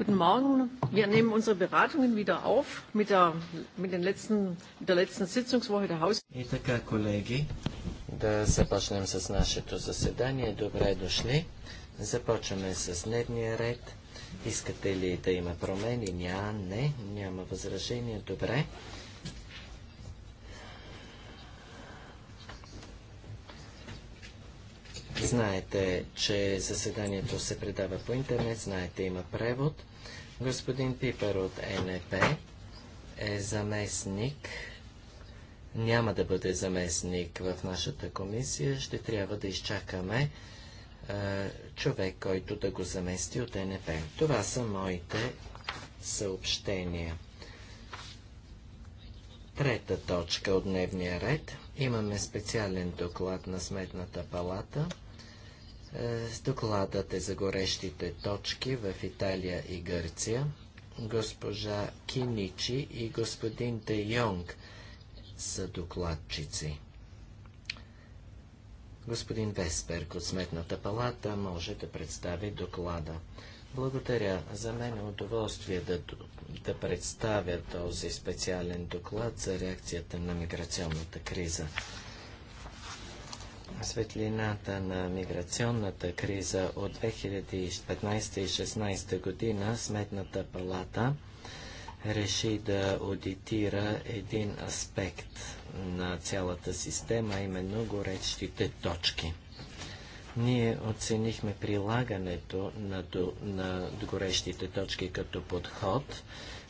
Guten Morgen. Wir nehmen unsere Beratungen wieder auf mit der, mit den letzten, mit der letzten Sitzungswoche der Haus. И така, колеги, да започнем с нашето заседание. Добре дошли. Започваме с дневния ред. Искате ли да има промени? Ня, не. Няма възражение. Добре. Знаете, че заседанието се предава по интернет, знаете, има превод. Господин Пипер от НП е заместник. Няма да бъде заместник в нашата комисия. Ще трябва да изчакаме е, човек, който да го замести от НП. Това са моите съобщения. Трета точка от дневния ред. Имаме специален доклад на Сметната палата – е, докладът е за горещите точки в Италия и Гърция. Госпожа Киничи и господин Де Йонг са докладчици. Господин Весперк от Сметната палата може да представи доклада. Благодаря. За мен е удоволствие да, да представя този специален доклад за реакцията на миграционната криза светлината на миграционната криза от 2015 и 2016 година Сметната палата реши да аудитира един аспект на цялата система, именно горещите точки. Ние оценихме прилагането на, до, на горещите точки като подход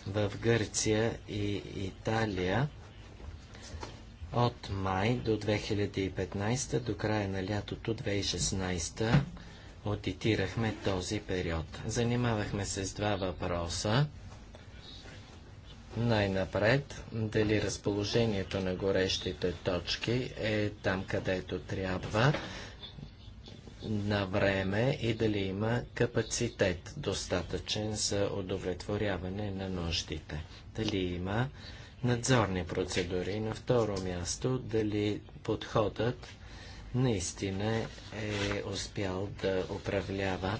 в Гърция и Италия от май до 2015, до края на лятото 2016 аудитирахме този период. Занимавахме се с два въпроса. Най-напред, дали разположението на горещите точки е там, където трябва на време и дали има капацитет достатъчен за удовлетворяване на нуждите. Дали има надзорни процедури. На второ място, дали подходът наистина е успял да управлява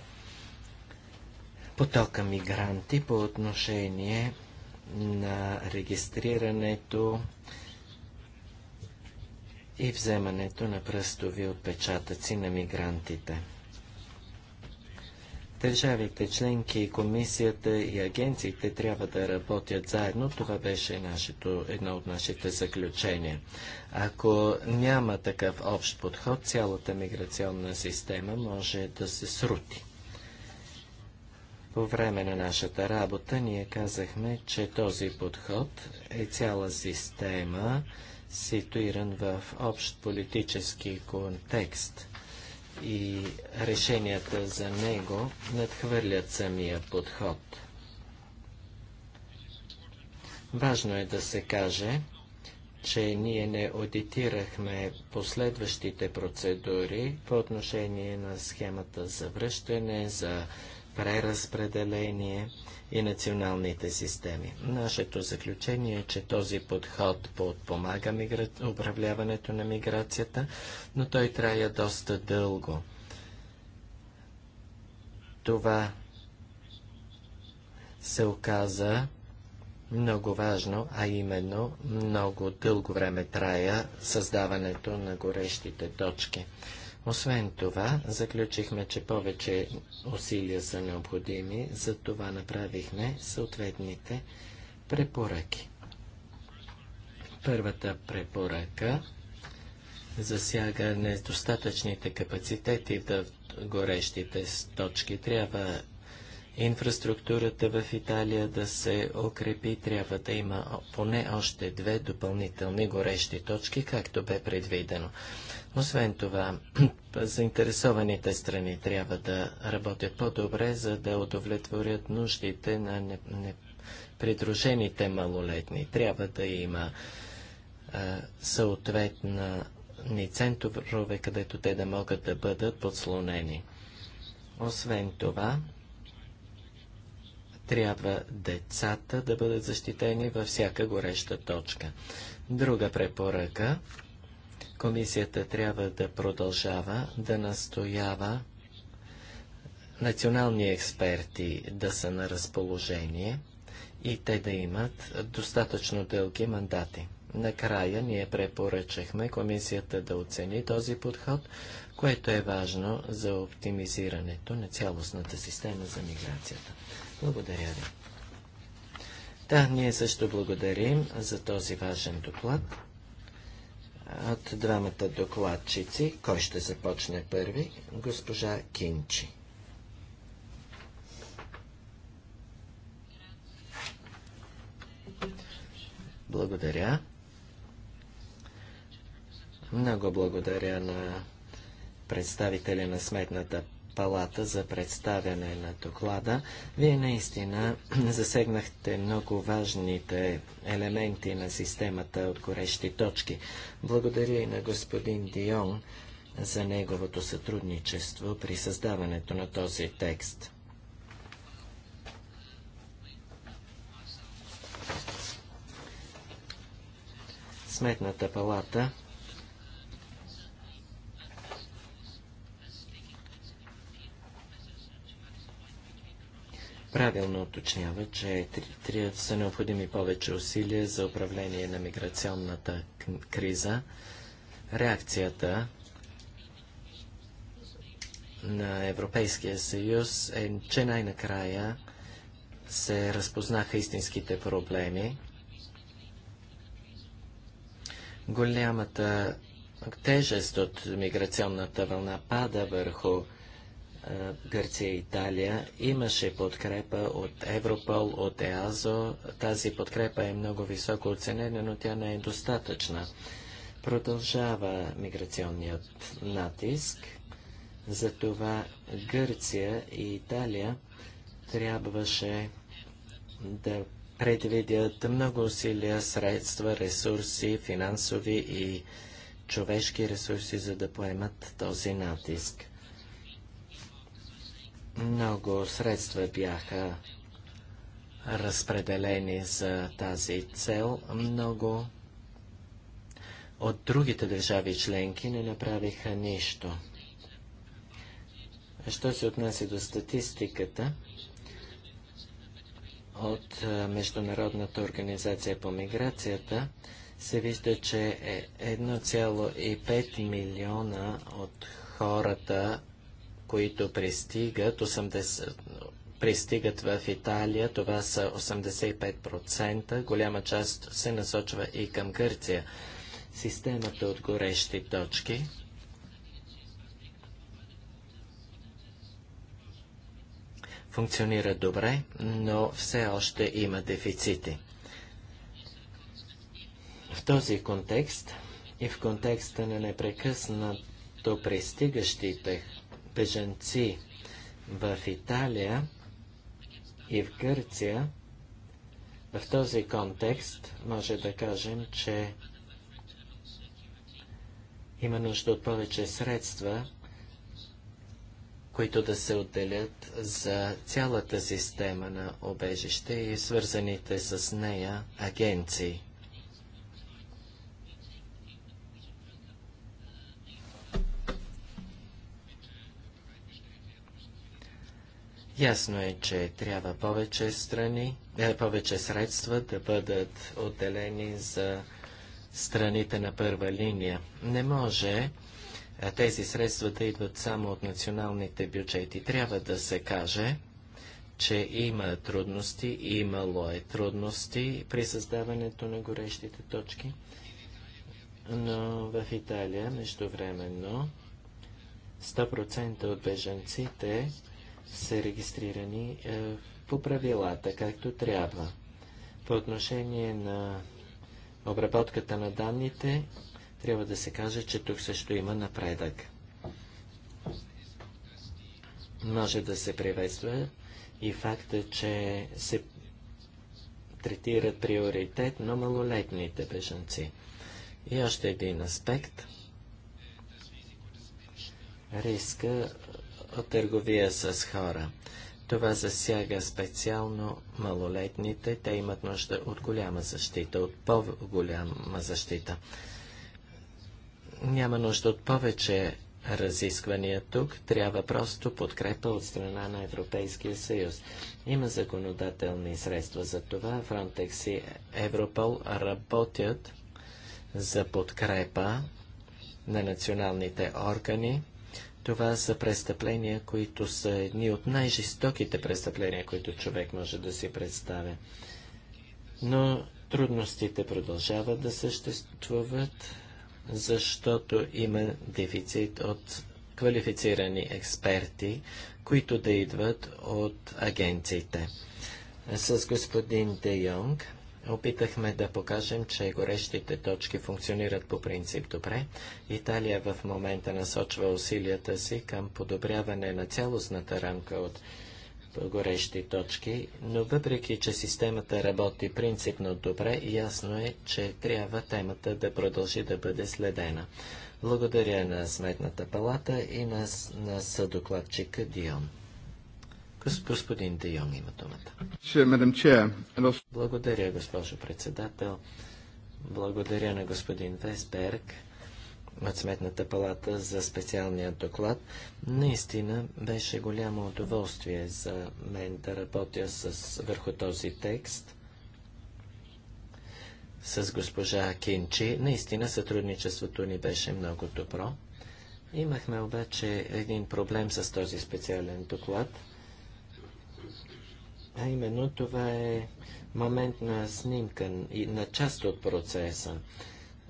потока мигранти по отношение на регистрирането и вземането на пръстови отпечатъци на мигрантите. Държавите, членки, комисията и агенциите трябва да работят заедно. Това беше нашето, едно от нашите заключения. Ако няма такъв общ подход, цялата миграционна система може да се срути. По време на нашата работа ние казахме, че този подход е цяла система, ситуиран в общ политически контекст – и решенията за него надхвърлят самия подход. Важно е да се каже, че ние не аудитирахме последващите процедури по отношение на схемата за връщане, за преразпределение и националните системи. Нашето заключение е, че този подход подпомага мигра... управляването на миграцията, но той трая доста дълго. Това се оказа много важно, а именно много дълго време трая създаването на горещите точки. Освен това, заключихме, че повече усилия са необходими, за това направихме съответните препоръки. Първата препоръка засяга недостатъчните капацитети в горещите точки. Трябва инфраструктурата в Италия да се укрепи, трябва да има поне още две допълнителни горещи точки, както бе предвидено. Освен това, заинтересованите страни трябва да работят по-добре, за да удовлетворят нуждите на непридружените не малолетни. Трябва да има а, съответна ни центрове, където те да могат да бъдат подслонени. Освен това, трябва децата да бъдат защитени във всяка гореща точка. Друга препоръка Комисията трябва да продължава да настоява национални експерти да са на разположение и те да имат достатъчно дълги мандати. Накрая ние препоръчахме комисията да оцени този подход, което е важно за оптимизирането на цялостната система за миграцията. Благодаря ви. Да, ние също благодарим за този важен доклад от двамата докладчици. Кой ще започне първи? Госпожа Кинчи. Благодаря. Много благодаря на представителя на Сметната палата за представяне на доклада. Вие наистина засегнахте много важните елементи на системата от горещи точки. Благодаря и на господин Дион за неговото сътрудничество при създаването на този текст. Сметната палата правилно уточнява, че трябва са необходими повече усилия за управление на миграционната криза. Реакцията на Европейския съюз е, че най-накрая се разпознаха истинските проблеми. Голямата тежест от миграционната вълна пада върху Гърция и Италия. Имаше подкрепа от Европол, от ЕАЗО. Тази подкрепа е много високо оценена, но тя не е достатъчна. Продължава миграционният натиск. Затова Гърция и Италия трябваше да предвидят много усилия, средства, ресурси, финансови и човешки ресурси, за да поемат този натиск. Много средства бяха разпределени за тази цел. Много от другите държави членки не направиха нищо. Що се отнася до статистиката от Международната организация по миграцията, се вижда, че 1,5 е милиона от хората които пристигат, 80, пристигат в Италия, това са 85%, голяма част се насочва и към Гърция. Системата от горещи точки. Функционира добре, но все още има дефицити. В този контекст и в контекста на непрекъснато пристигащите бежанци в Италия и в Гърция, в този контекст може да кажем, че има нужда от повече средства, които да се отделят за цялата система на обежище и свързаните с нея агенции. Ясно е, че трябва повече страни, е, повече средства да бъдат отделени за страните на първа линия. Не може а е, тези средства да идват само от националните бюджети. Трябва да се каже, че има трудности, имало е трудности при създаването на горещите точки, но в Италия междувременно 100% от беженците са регистрирани е, по правилата, както трябва. По отношение на обработката на данните, трябва да се каже, че тук също има напредък. Може да се приветства и факта, че се третират приоритетно малолетните бежанци. И още един аспект – риска от търговия с хора. Това засяга специално малолетните. Те имат нужда от голяма защита, от по-голяма защита. Няма нужда от повече разисквания тук. Трябва просто подкрепа от страна на Европейския съюз. Има законодателни средства за това. Frontex и Европол работят за подкрепа на националните органи това са престъпления, които са едни от най-жестоките престъпления, които човек може да си представя. Но трудностите продължават да съществуват, защото има дефицит от квалифицирани експерти, които да идват от агенциите. С господин Де Йонг Опитахме да покажем, че горещите точки функционират по принцип добре. Италия в момента насочва усилията си към подобряване на цялостната рамка от горещи точки, но въпреки, че системата работи принципно добре, ясно е, че трябва темата да продължи да бъде следена. Благодаря на Сметната палата и на, на съдокладчика Дион. Господин Де Йонг има думата. Благодаря, госпожо председател. Благодаря на господин Весберг от Сметната палата за специалния доклад. Наистина беше голямо удоволствие за мен да работя с, върху този текст с госпожа Кинчи. Наистина сътрудничеството ни беше много добро. Имахме обаче един проблем с този специален доклад – а именно това е момент на снимка и на част от процеса.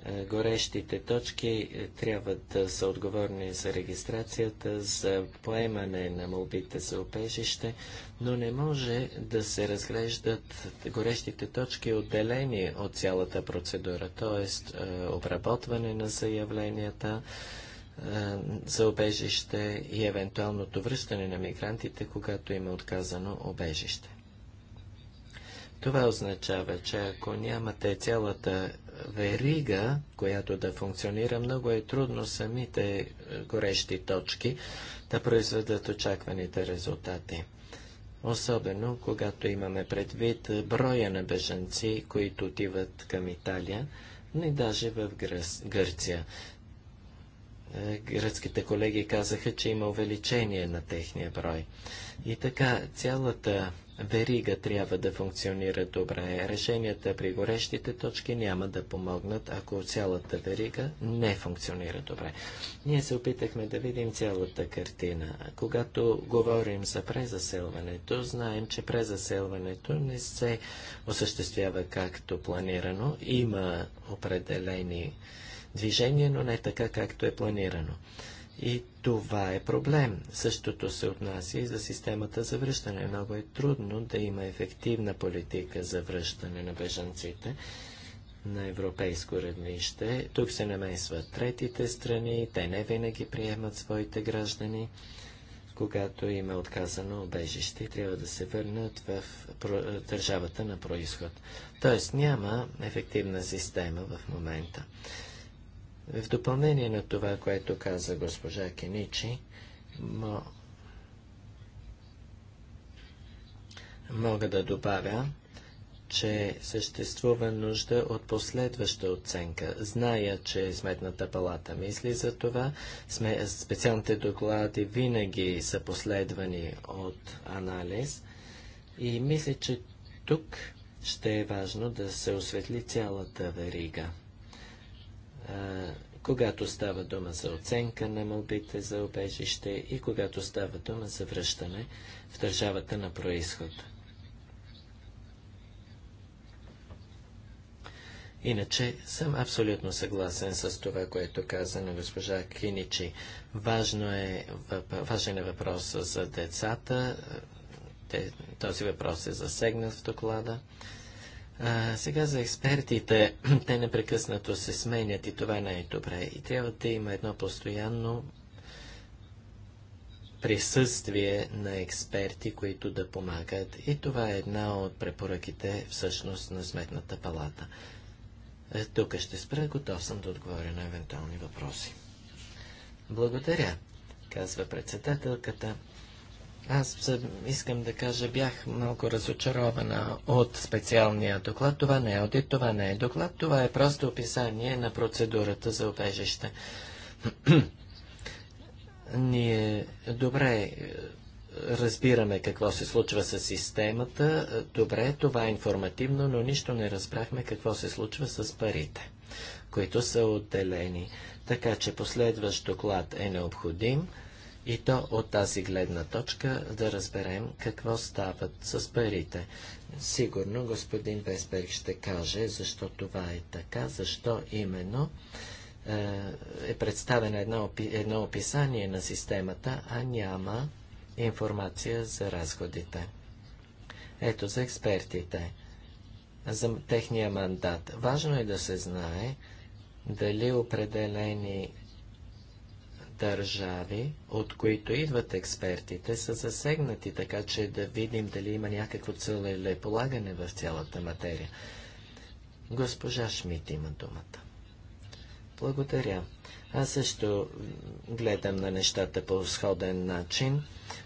Е, горещите точки е, трябва да са отговорни за регистрацията, за поемане на молбите за опежище, но не може да се разглеждат горещите точки отделени от цялата процедура, т.е. обработване на заявленията, е, за обежище и евентуалното връщане на мигрантите, когато им отказано обежище. Това означава, че ако нямате цялата верига, която да функционира, много е трудно самите е, горещи точки да произведат очакваните резултати. Особено когато имаме предвид е, броя на бежанци, които отиват към Италия, но и даже в Гръс, Гърция. Е, гръцките колеги казаха, че има увеличение на техния брой. И така, цялата верига трябва да функционира добре. Решенията при горещите точки няма да помогнат, ако цялата верига не функционира добре. Ние се опитахме да видим цялата картина. Когато говорим за презаселването, знаем, че презаселването не се осъществява както планирано. Има определени движения, но не така, както е планирано. И това е проблем. Същото се отнася и за системата за връщане. Много е трудно да има ефективна политика за връщане на бежанците на европейско равнище. Тук се намесват третите страни, те не винаги приемат своите граждани. Когато им е отказано обежище, трябва да се върнат в държавата на происход. Тоест няма ефективна система в момента. В допълнение на това, което каза госпожа Кеничи, мога да добавя, че съществува нужда от последваща оценка. Зная, че Сметната палата мисли за това. Сме, специалните доклади винаги са последвани от анализ. И мисля, че тук ще е важно да се осветли цялата верига когато става дума за оценка на молбите за обежище и когато става дума за връщане в държавата на происход. Иначе съм абсолютно съгласен с това, което каза на госпожа Киничи. Важно е, важен е въпрос за децата. Този въпрос е засегнат в доклада. А, сега за експертите, те непрекъснато се сменят и това не е добре. И трябва да има едно постоянно присъствие на експерти, които да помагат. И това е една от препоръките всъщност на Сметната палата. Е, тук ще спра, готов съм да отговоря на евентуални въпроси. Благодаря, казва председателката. Аз искам да кажа, бях малко разочарована от специалния доклад. Това не е одит, това не е доклад, това е просто описание на процедурата за обежище. Ние добре е, разбираме какво се случва с системата. Добре, това е информативно, но нищо не разбрахме какво се случва с парите, които са отделени. Така че последващ доклад е необходим. И то от тази гледна точка да разберем какво стават с парите. Сигурно господин Весберг ще каже защо това е така, защо именно е, е представено едно, едно описание на системата, а няма информация за разходите. Ето за експертите, за техния мандат. Важно е да се знае дали определени държави, от които идват експертите, са засегнати, така че да видим дали има някакво целелеполагане в цялата материя. Госпожа Шмидт има думата. Благодаря. Аз също гледам на нещата по сходен начин.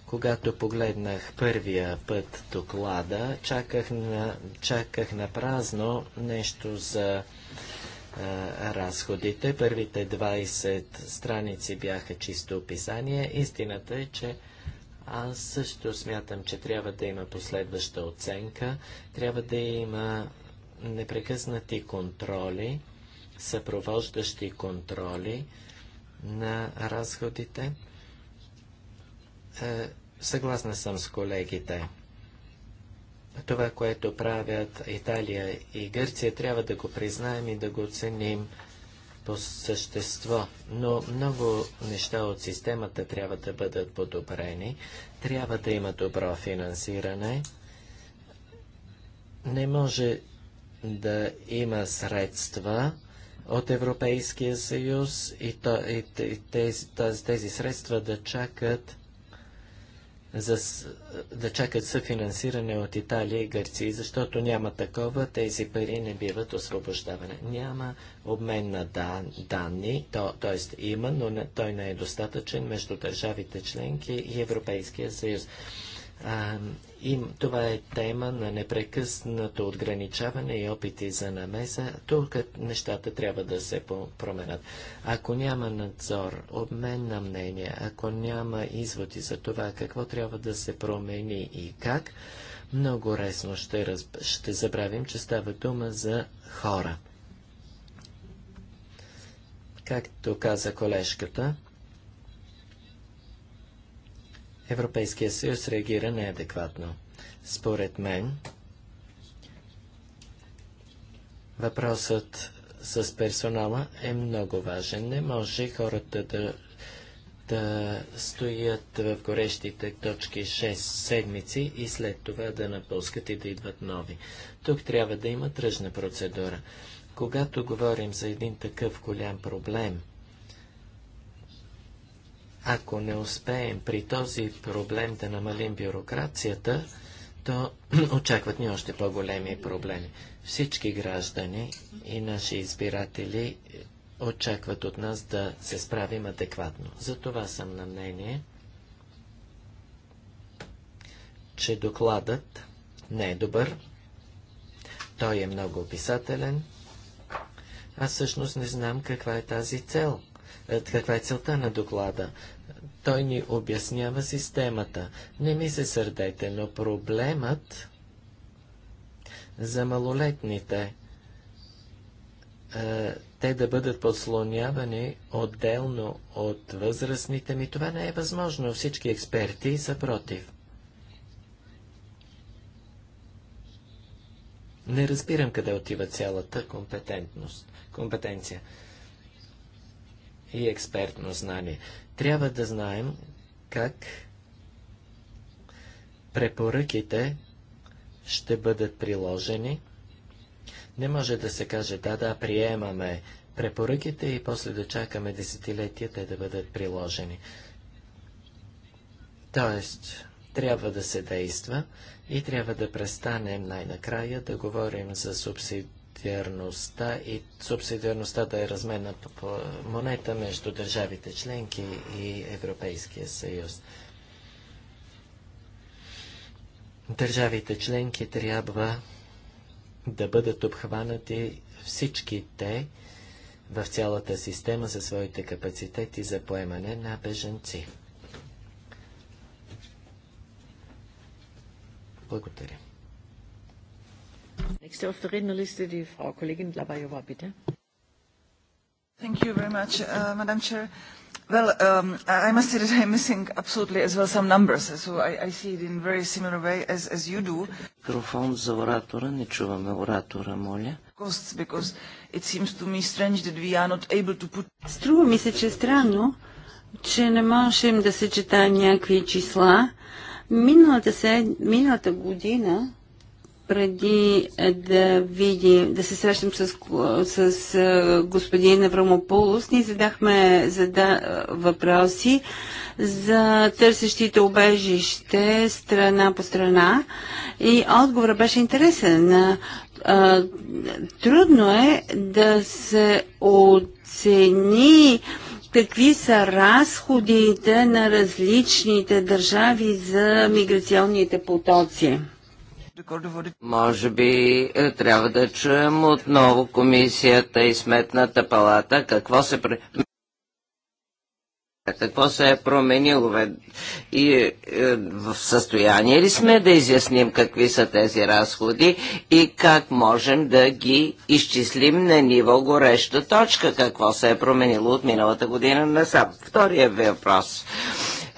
Когато погледнах първия път доклада, чаках на, чаках на празно нещо за разходите. Първите 20 страници бяха чисто описание. Истината е, че аз също смятам, че трябва да има последваща оценка, трябва да има непрекъснати контроли, съпровождащи контроли на разходите. Е, съгласна съм с колегите това, което правят Италия и Гърция, трябва да го признаем и да го оценим по същество. Но много неща от системата трябва да бъдат подобрени. Трябва да има добро финансиране. Не може да има средства от Европейския съюз и, тези средства да чакат за, да чакат съфинансиране от Италия и Гърция, защото няма такова, тези пари не биват освобождавани. Няма обмен на дан, данни, то, т.е. има, но не, той не е достатъчен между държавите членки и Европейския съюз. А, и това е тема на непрекъснато отграничаване и опити за намеса. Тук нещата трябва да се променят. Ако няма надзор, обмен на мнение, ако няма изводи за това какво трябва да се промени и как, много лесно ще, раз... ще забравим, че става дума за хора. Както каза колежката, Европейския съюз реагира неадекватно. Според мен, въпросът с персонала е много важен. Не може хората да, да стоят в горещите точки 6 седмици и след това да напускат и да идват нови. Тук трябва да има тръжна процедура. Когато говорим за един такъв голям проблем – ако не успеем при този проблем да намалим бюрокрацията, то очакват ни още по-големи проблеми. Всички граждани и наши избиратели очакват от нас да се справим адекватно. За това съм на мнение, че докладът не е добър, той е много описателен, аз всъщност не знам каква е тази цел, е, каква е целта на доклада. Той ни обяснява системата. Не ми се сърдете, но проблемът за малолетните те да бъдат подслонявани отделно от възрастните ми, това не е възможно. Всички експерти са против. Не разбирам къде отива цялата компетентност, компетенция и експертно знание. Трябва да знаем как препоръките ще бъдат приложени. Не може да се каже, да, да, приемаме препоръките и после да чакаме десетилетия те да бъдат приложени. Тоест, трябва да се действа и трябва да престанем най-накрая да говорим за субсидии субсидиарността и субсидиарността да е разменна монета между държавите членки и Европейския съюз. Държавите членки трябва да бъдат обхванати всички те в цялата система за своите капацитети за поемане на беженци. Благодаря. Nächste auf der Rednerliste die Frau Kollegin Labajova, bitte. Thank you very much, uh, Madam Chair. Well, um, I must say that I'm missing absolutely as well some numbers, so I, I see it in very similar way as, as you do. Микрофон за оратора, не чуваме оратора, моля. Costs, because it seems to me strange that we are not able to put... Струва ми се, че странно, че не можем да съчетаем някакви числа. Миналата, се, миналата година преди да видим, да се срещам с, с господин Аврамополос, ни задахме зада, въпроси за търсещите обежище страна по страна и отговорът беше интересен. А, трудно е да се оцени какви са разходите на различните държави за миграционните потоци. Може би е, трябва да чуем отново комисията и сметната палата какво се... Какво се е променило? И е, в състояние ли сме да изясним какви са тези разходи и как можем да ги изчислим на ниво гореща точка? Какво се е променило от миналата година насам? Втория въпрос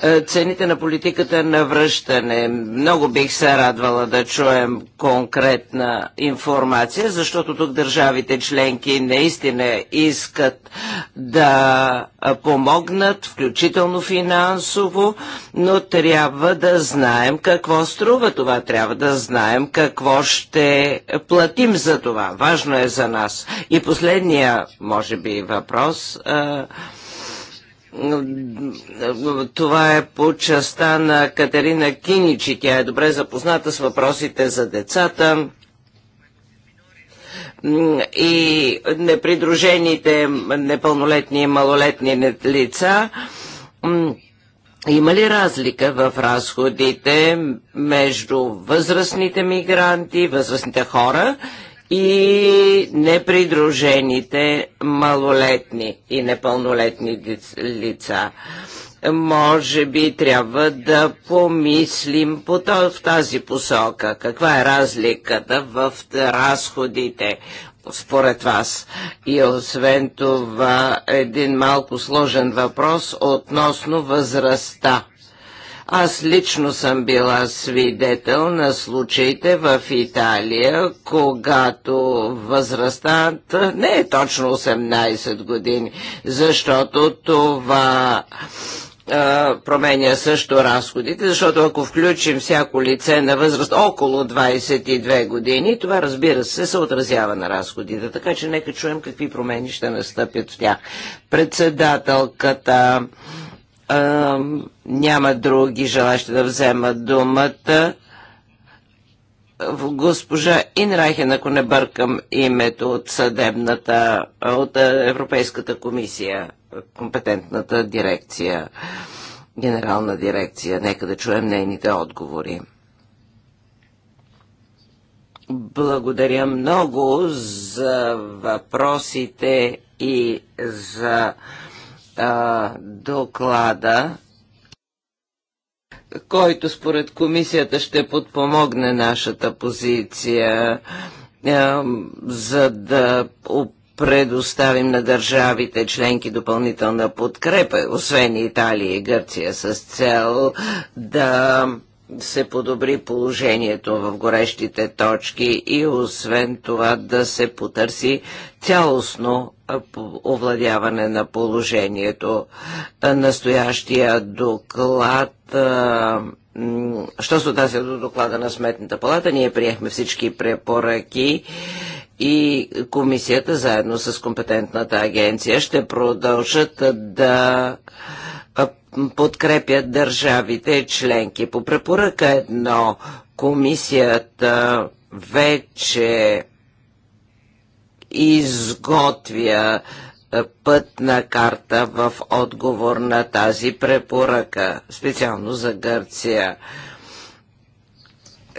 е, цените на политиката на връщане. Много бих се радвала да чуем конкретна информация, защото тук държавите членки наистина искат да е, помогнат, включително финансово, но трябва да знаем какво струва това, трябва да знаем какво ще платим за това. Важно е за нас. И последния, може би, въпрос. А, е, това е по частта на Катерина Киничи. Тя е добре запозната с въпросите за децата и непридружените непълнолетни и малолетни лица. Има ли разлика в разходите между възрастните мигранти, възрастните хора и непридружените малолетни и непълнолетни лица. Може би трябва да помислим по в тази посока. Каква е разликата в разходите според вас? И освен това, един малко сложен въпрос относно възрастта аз лично съм била свидетел на случаите в Италия, когато възрастта не е точно 18 години, защото това променя също разходите, защото ако включим всяко лице на възраст около 22 години, това разбира се се отразява на разходите. Така че нека чуем какви промени ще настъпят в тях. Председателката няма други желащи да вземат думата. Госпожа Инрахен, ако не бъркам името от съдебната, от Европейската комисия, компетентната дирекция, генерална дирекция. Нека да чуем нейните отговори. Благодаря много за въпросите и за а, доклада, който според комисията ще подпомогне нашата позиция, а, за да предоставим на държавите членки допълнителна подкрепа, освен Италия и Гърция, с цел да се подобри положението в горещите точки и освен това да се потърси цялостно овладяване на положението. Настоящия доклад Що се отнася до доклада на Сметната палата, ние приехме всички препоръки и комисията заедно с компетентната агенция ще продължат да подкрепят държавите членки. По препоръка едно, комисията вече изготвя е, пътна карта в отговор на тази препоръка, специално за Гърция.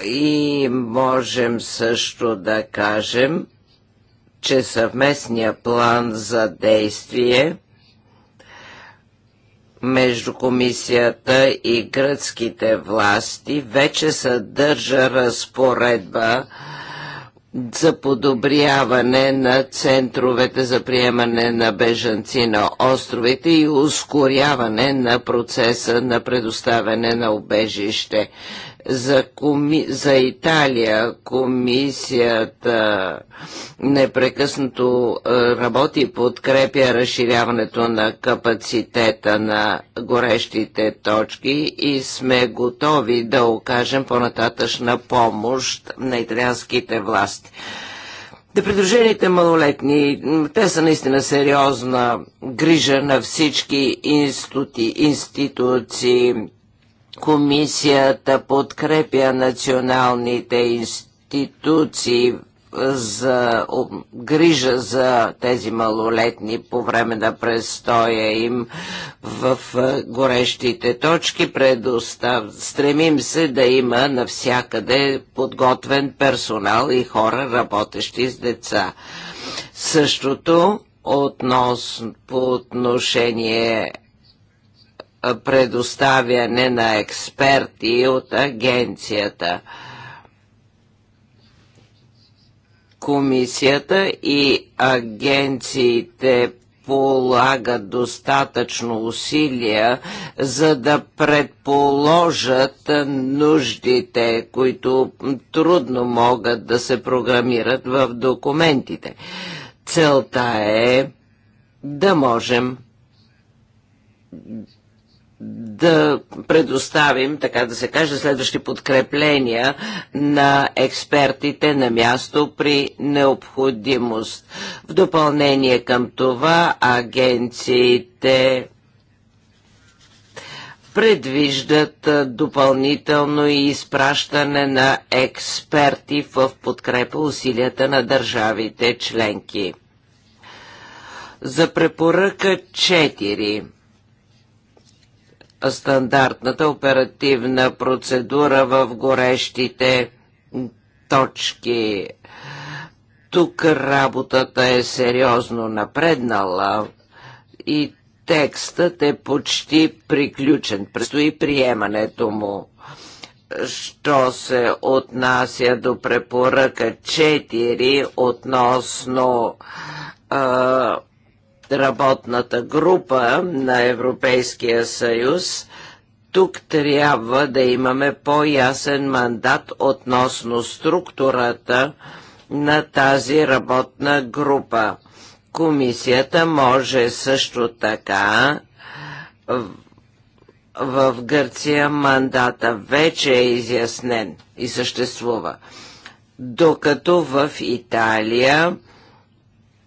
И можем също да кажем, че съвместния план за действие – между комисията и гръцките власти вече съдържа разпоредба за подобряване на центровете за приемане на бежанци на островите и ускоряване на процеса на предоставяне на обежище. За, коми... за Италия комисията непрекъснато е, работи и подкрепя разширяването на капацитета на горещите точки и сме готови да окажем по-нататъчна помощ на италианските власти. Придружените малолетни, те са наистина сериозна грижа на всички институти, институции. Комисията подкрепя националните институции за грижа за тези малолетни по време на престоя им в горещите точки. Предостав... Стремим се да има навсякъде подготвен персонал и хора, работещи с деца. Същото относно по отношение предоставяне на експерти от агенцията. Комисията и агенциите полагат достатъчно усилия, за да предположат нуждите, които трудно могат да се програмират в документите. Целта е да можем да предоставим, така да се каже, следващи подкрепления на експертите на място при необходимост. В допълнение към това агенциите предвиждат допълнително и изпращане на експерти в подкрепа усилията на държавите членки. За препоръка 4 стандартната оперативна процедура в горещите точки. Тук работата е сериозно напреднала и текстът е почти приключен. Предстои приемането му. Що се отнася до препоръка 4 относно а, работната група на Европейския съюз, тук трябва да имаме по-ясен мандат относно структурата на тази работна група. Комисията може също така в Гърция мандата вече е изяснен и съществува. Докато в Италия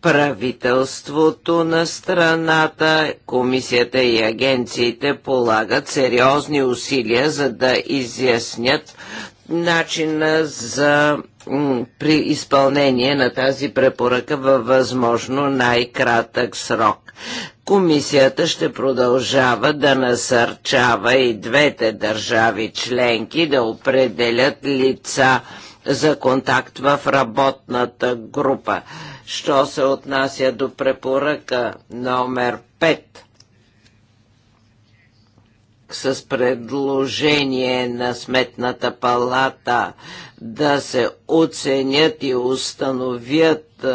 Правителството на страната, комисията и агенциите полагат сериозни усилия, за да изяснят начина за при изпълнение на тази препоръка във възможно най-кратък срок. Комисията ще продължава да насърчава и двете държави членки да определят лица за контакт в работната група. Що се отнася до препоръка номер 5 с предложение на Сметната палата да се оценят и установят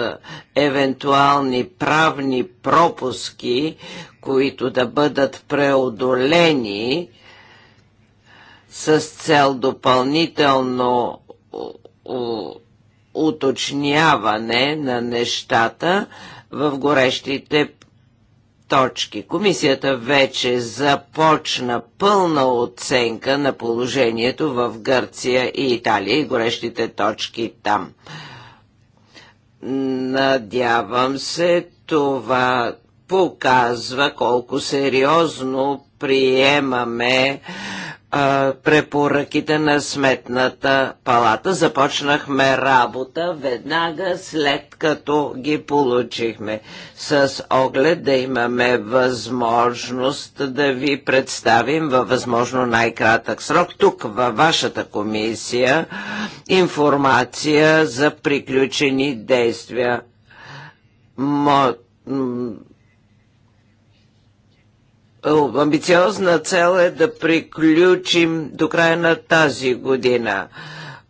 евентуални правни пропуски, които да бъдат преодолени с цел допълнително уточняване на нещата в горещите точки. Комисията вече започна пълна оценка на положението в Гърция и Италия и горещите точки там. Надявам се, това показва колко сериозно приемаме а, препоръките на Сметната палата. Започнахме работа веднага след като ги получихме, с оглед да имаме възможност да ви представим във възможно най-кратък срок тук във вашата комисия информация за приключени действия. Мо е, амбициозна цел е да приключим до края на тази година.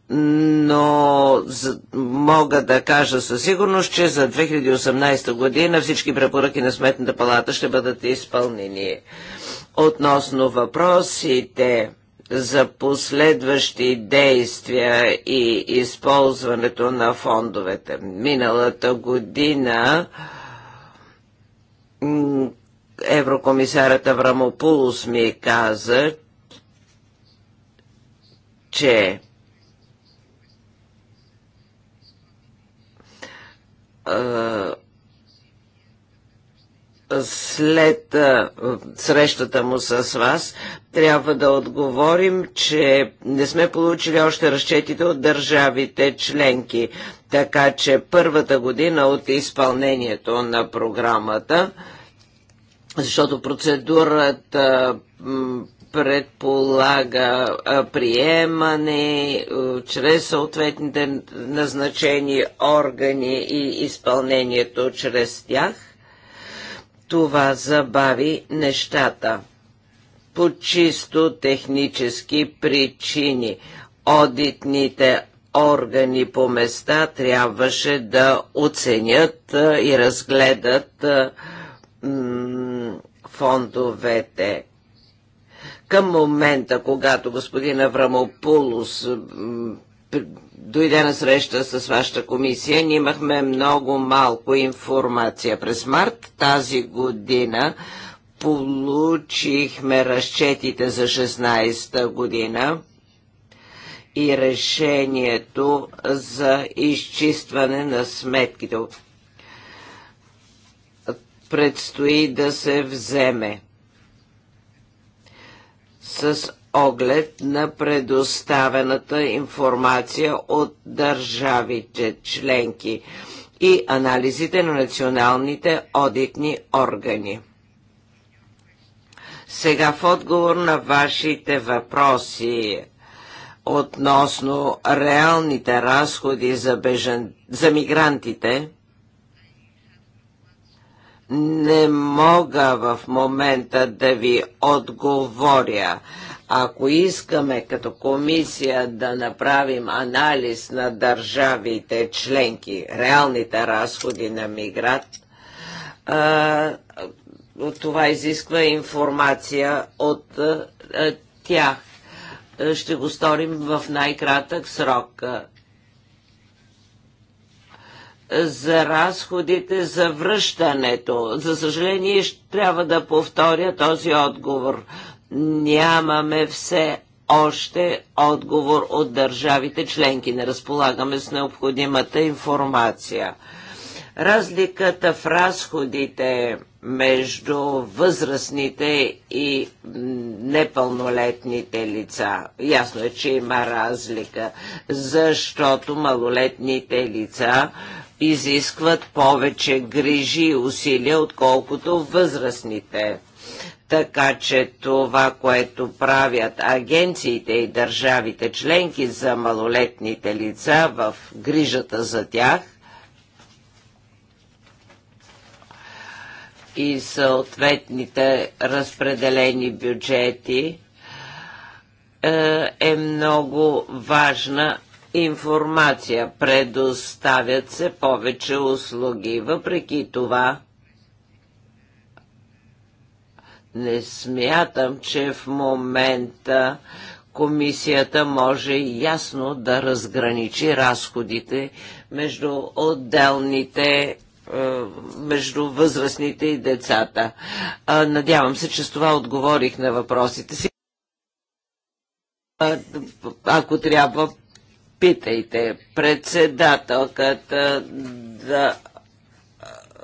Но мога да кажа със сигурност, че за 2018 година всички препоръки на Сметната палата ще бъдат изпълнени. Относно въпросите за последващи действия и използването на фондовете. Миналата година Еврокомисарът Аврамопулос ми каза, че след срещата му с вас, трябва да отговорим, че не сме получили още разчетите от държавите членки, така че първата година от изпълнението на програмата – защото процедурата предполага приемане чрез съответните назначени органи и изпълнението чрез тях. Това забави нещата по чисто технически причини. Одитните органи по места трябваше да оценят и разгледат фондовете. Към момента, когато господин Аврамопулос дойде на среща с вашата комисия, ние имахме много малко информация. През март тази година получихме разчетите за 16-та година и решението за изчистване на сметките предстои да се вземе с оглед на предоставената информация от държавите членки и анализите на националните одитни органи. Сега в отговор на вашите въпроси относно реалните разходи за, бежен... за мигрантите, не мога в момента да ви отговоря. Ако искаме като комисия да направим анализ на държавите членки, реалните разходи на миграт, това изисква информация от тях. Ще го сторим в най-кратък срок за разходите за връщането. За съжаление, трябва да повторя този отговор. Нямаме все още отговор от държавите членки. Не разполагаме с необходимата информация. Разликата в разходите между възрастните и непълнолетните лица. Ясно е, че има разлика, защото малолетните лица изискват повече грижи и усилия, отколкото възрастните. Така че това, което правят агенциите и държавите членки за малолетните лица в грижата за тях, и съответните разпределени бюджети е, е много важна информация, предоставят се повече услуги. Въпреки това, не смятам, че в момента комисията може ясно да разграничи разходите между отделните е, между възрастните и децата. Надявам се, че с това отговорих на въпросите си. Ако трябва, Питайте председателката да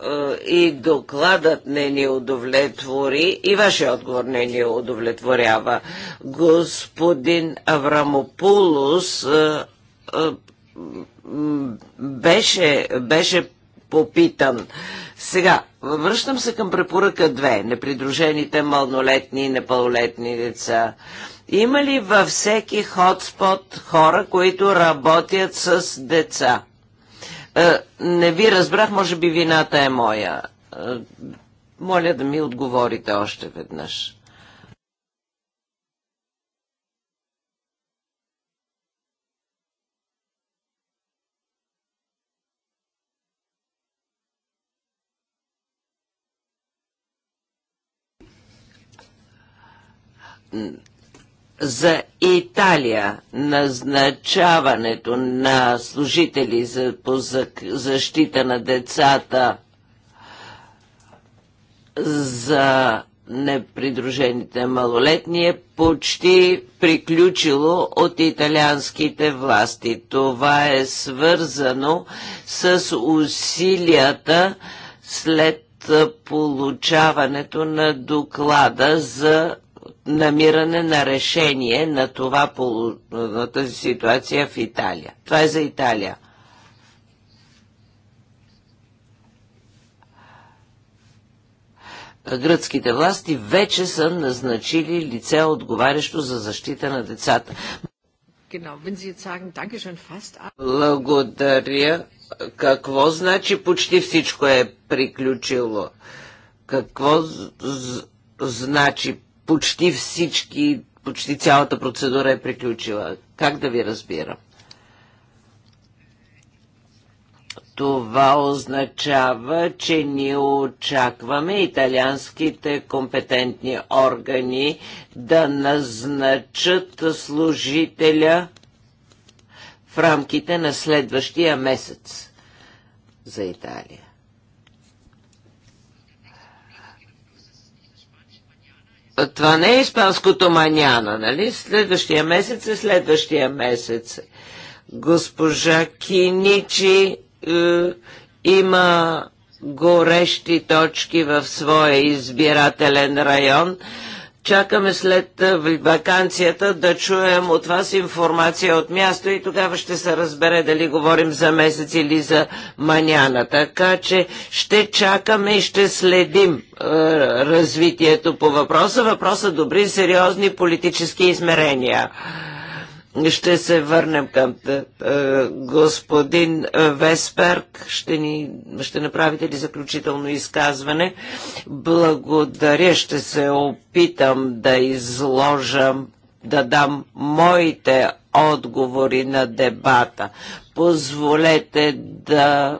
е, и докладът не ни удовлетвори и вашия отговор не ни удовлетворява. Господин Аврамопулос е, е, беше, беше попитан. Сега, връщам се към препоръка 2. Непридружените малнолетни и непълнолетни деца. Има ли във всеки хотспот хора, които работят с деца? Е, не ви разбрах, може би вината е моя. Е, моля да ми отговорите още веднъж. За Италия назначаването на служители за, по защита на децата за непридружените малолетни е почти приключило от италианските власти. Това е свързано с усилията след получаването на доклада за намиране на решение на, това, на тази ситуация в Италия. Това е за Италия. Гръцките власти вече са назначили лице отговарящо за защита на децата. Благодаря. Какво значи почти всичко е приключило? Какво значи почти всички, почти цялата процедура е приключила. Как да ви разбирам? Това означава, че ние очакваме италианските компетентни органи да назначат служителя в рамките на следващия месец за Италия. Това не е испанското маняна, нали? Следващия месец е следващия месец. Госпожа Киничи е, има горещи точки в своя избирателен район. Е, Чакаме след вакансията да чуем от вас информация от място и тогава ще се разбере дали говорим за месец или за маняна. Така че ще чакаме и ще следим развитието по въпроса. Въпроса добри, сериозни политически измерения. Ще се върнем към е, е, господин е, Весперк. Ще, ни, ще направите ли заключително изказване? Благодаря. Ще се опитам да изложа, да дам моите отговори на дебата. Позволете да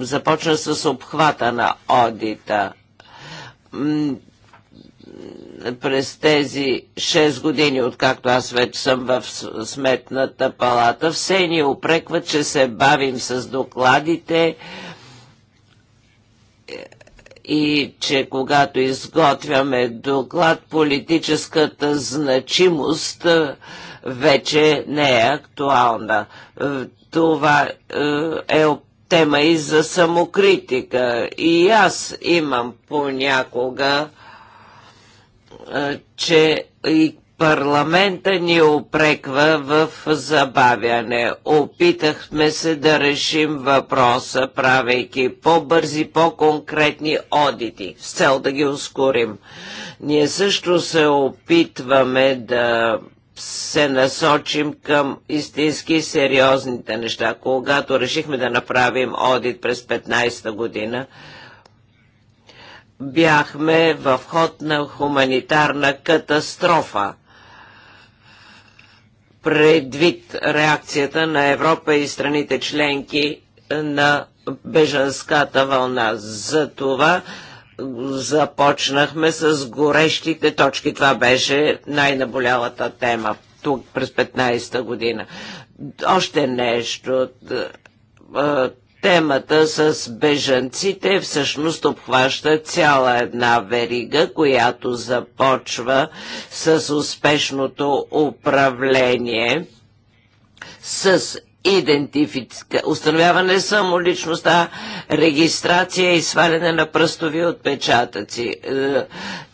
започна с обхвата на одита през тези 6 години, откакто аз вече съм в сметната палата, все ни опрекват, че се бавим с докладите е, и че когато изготвяме доклад, политическата значимост е, вече не е актуална. Е, това е тема и за самокритика. И аз имам понякога че и парламента ни опреква в забавяне. Опитахме се да решим въпроса, правейки по-бързи, по-конкретни одити, с цел да ги ускорим. Ние също се опитваме да се насочим към истински сериозните неща. Когато решихме да направим одит през 15-та година, бяхме в ход на хуманитарна катастрофа. Предвид реакцията на Европа и страните членки на бежанската вълна. За това започнахме с горещите точки. Това беше най-наболялата тема тук през 15-та година. Още нещо Темата с бежанците всъщност обхваща цяла една верига, която започва с успешното управление с идентифика, установяване само личността, регистрация и сваляне на пръстови отпечатъци. Е,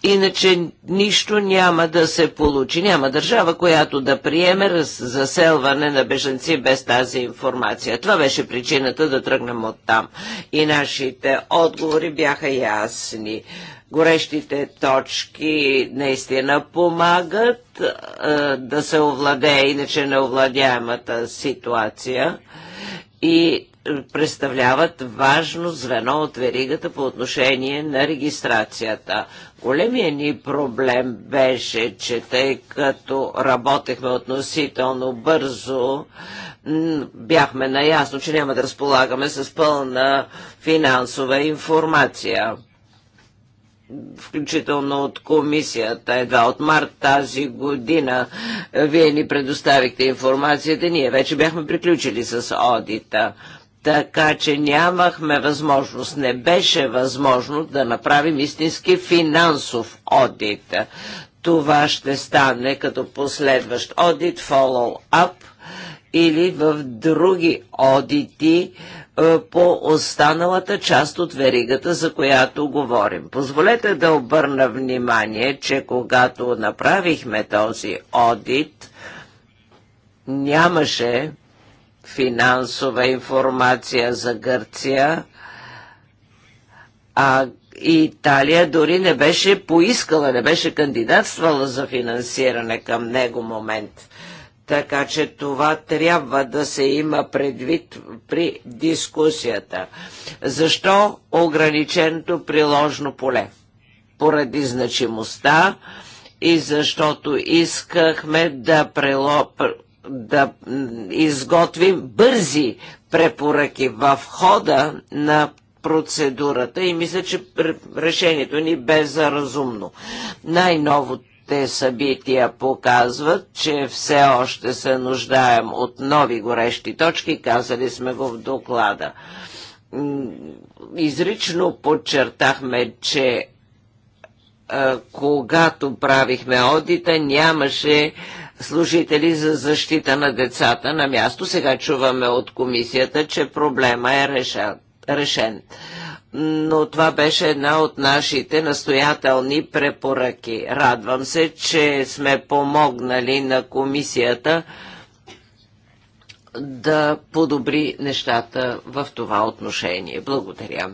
иначе нищо няма да се получи. Няма държава, която да приеме заселване на беженци без тази информация. Това беше причината да тръгнем от там. И нашите отговори бяха ясни горещите точки наистина помагат а, да се овладее иначе неовладяемата ситуация и представляват важно звено от веригата по отношение на регистрацията. Големия ни проблем беше, че тъй като работехме относително бързо, бяхме наясно, че няма да разполагаме с пълна финансова информация включително от комисията, едва от март тази година. Е, вие ни предоставихте информацията, ние вече бяхме приключили с одита. Така че нямахме възможност, не беше възможно да направим истински финансов одит. Това ще стане като последващ одит, follow-up или в други одити, е, по останалата част от веригата, за която говорим. Позволете да обърна внимание, че когато направихме този одит, нямаше финансова информация за Гърция, а Италия дори не беше поискала, не беше кандидатствала за финансиране към него момент. Така че това трябва да се има предвид при дискусията. Защо ограниченото приложно поле? Поради значимостта и защото искахме да, прело, да изготвим бързи препоръки в хода на процедурата и мисля, че решението ни бе заразумно. Най-новото те събития показват, че все още се нуждаем от нови горещи точки, казали сме го в доклада. Изрично подчертахме, че е, когато правихме одита, нямаше служители за защита на децата на място. Сега чуваме от комисията, че проблема е решен но това беше една от нашите настоятелни препоръки. Радвам се, че сме помогнали на комисията да подобри нещата в това отношение. Благодаря.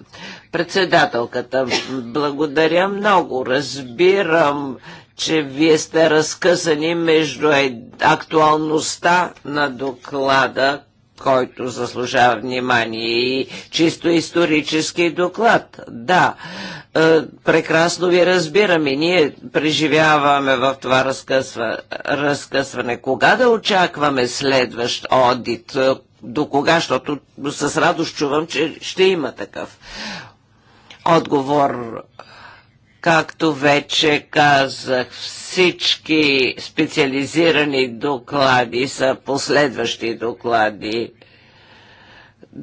Председателката, благодаря много. Разбирам, че вие сте разкъсани между актуалността на доклада, който заслужава внимание и чисто исторически доклад. Да, е, прекрасно ви разбираме. Ние преживяваме в това разкъсва, разкъсване. Кога да очакваме следващ одит? Е, до кога? Защото с радост чувам, че ще има такъв. Отговор Както вече казах, всички специализирани доклади са последващи доклади.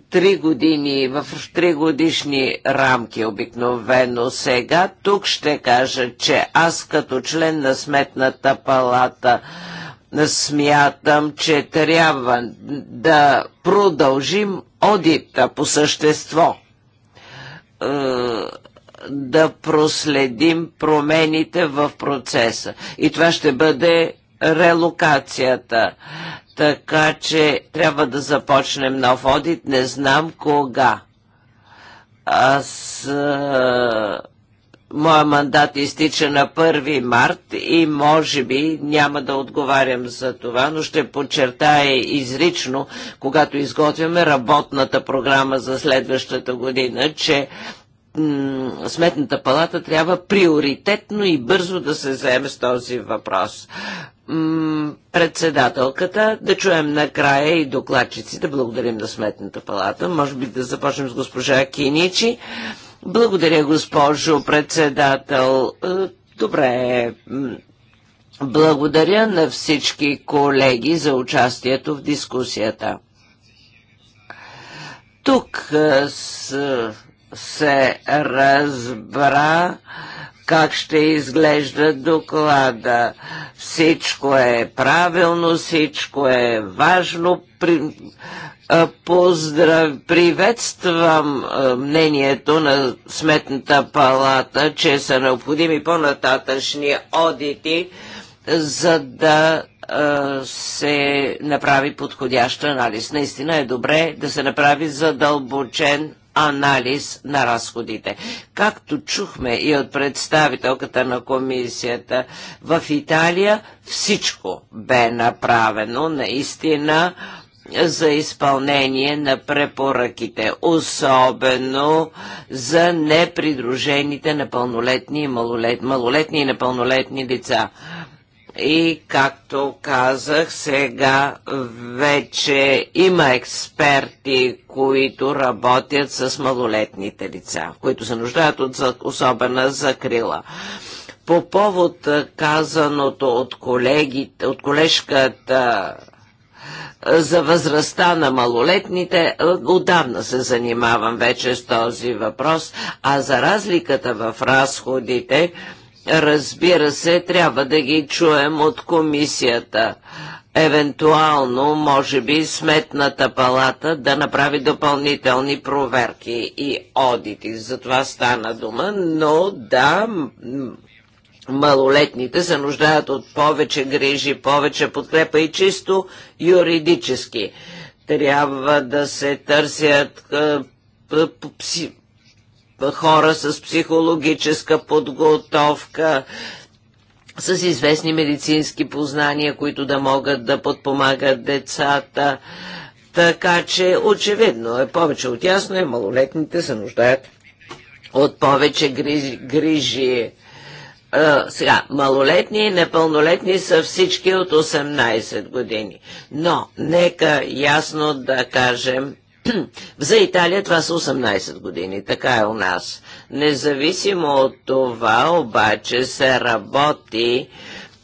Три години, в три годишни рамки обикновено сега. Тук ще кажа, че аз като член на Сметната палата смятам, че трябва да продължим одита по същество е, да проследим промените в процеса. И това ще бъде релокацията. Така че трябва да започнем нов одит, не знам кога. Аз моя мандат изтича на 1 март и може би няма да отговарям за това, но ще подчертая изрично, когато изготвяме работната програма за следващата година, че Сметната палата трябва приоритетно и бързо да се заеме с този въпрос. Председателката, да чуем накрая и докладчиците. Благодарим на Сметната палата. Може би да започнем с госпожа Киничи. Благодаря, госпожо председател. Е, добре. Благодаря на всички колеги за участието в дискусията. Тук е, с се разбра как ще изглежда доклада. Всичко е правилно, всичко е важно. При, Поздрав... Приветствам мнението на Сметната палата, че са необходими по-нататъчни одити, за да се направи подходящ анализ. Наистина е добре да се направи задълбочен анализ на разходите. Както чухме и от представителката на комисията, в Италия всичко бе направено наистина за изпълнение на препоръките, особено за непридружените непълнолетни и малолет, малолетни и непълнолетни деца. И както казах, сега вече има експерти, които работят с малолетните лица, които се нуждаят от особена закрила. По повод казаното от, колегите, от колежката за възрастта на малолетните, отдавна се занимавам вече с този въпрос, а за разликата в разходите, Разбира се, трябва да ги чуем от комисията. Евентуално, може би, сметната палата да направи допълнителни проверки и одити. За това стана дума, но да, малолетните се нуждаят от повече грижи, повече подкрепа и чисто юридически. Трябва да се търсят хора с психологическа подготовка, с известни медицински познания, които да могат да подпомагат децата. Така че очевидно е повече от ясно и е, малолетните се нуждаят от повече грижи. грижи. А, сега, малолетни и непълнолетни са всички от 18 години. Но нека ясно да кажем, За Италия това са 18 години, така е у нас. Независимо от това, обаче се работи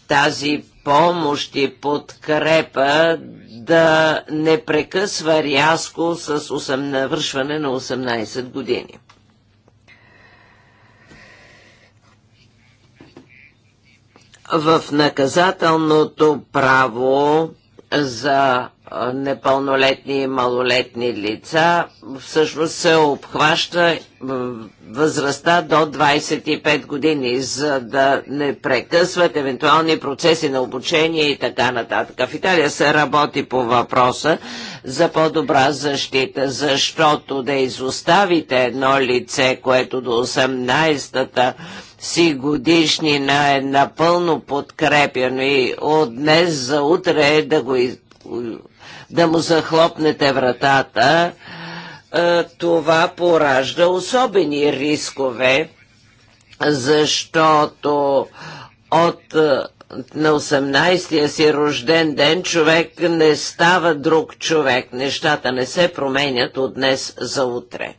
тази помощ и подкрепа да не прекъсва рязко с навършване на 18 години. В наказателното право за непълнолетни и малолетни лица, всъщност се обхваща възрастта до 25 години, за да не прекъсват евентуални процеси на обучение и така нататък. В Италия се работи по въпроса за по-добра защита, защото да изоставите едно лице, което до 18-та си годишнина е напълно подкрепяно и от днес за утре е да го да му захлопнете вратата, е, това поражда особени рискове, защото от е, на 18-я си рожден ден човек не става друг човек. Нещата не се променят от днес за утре.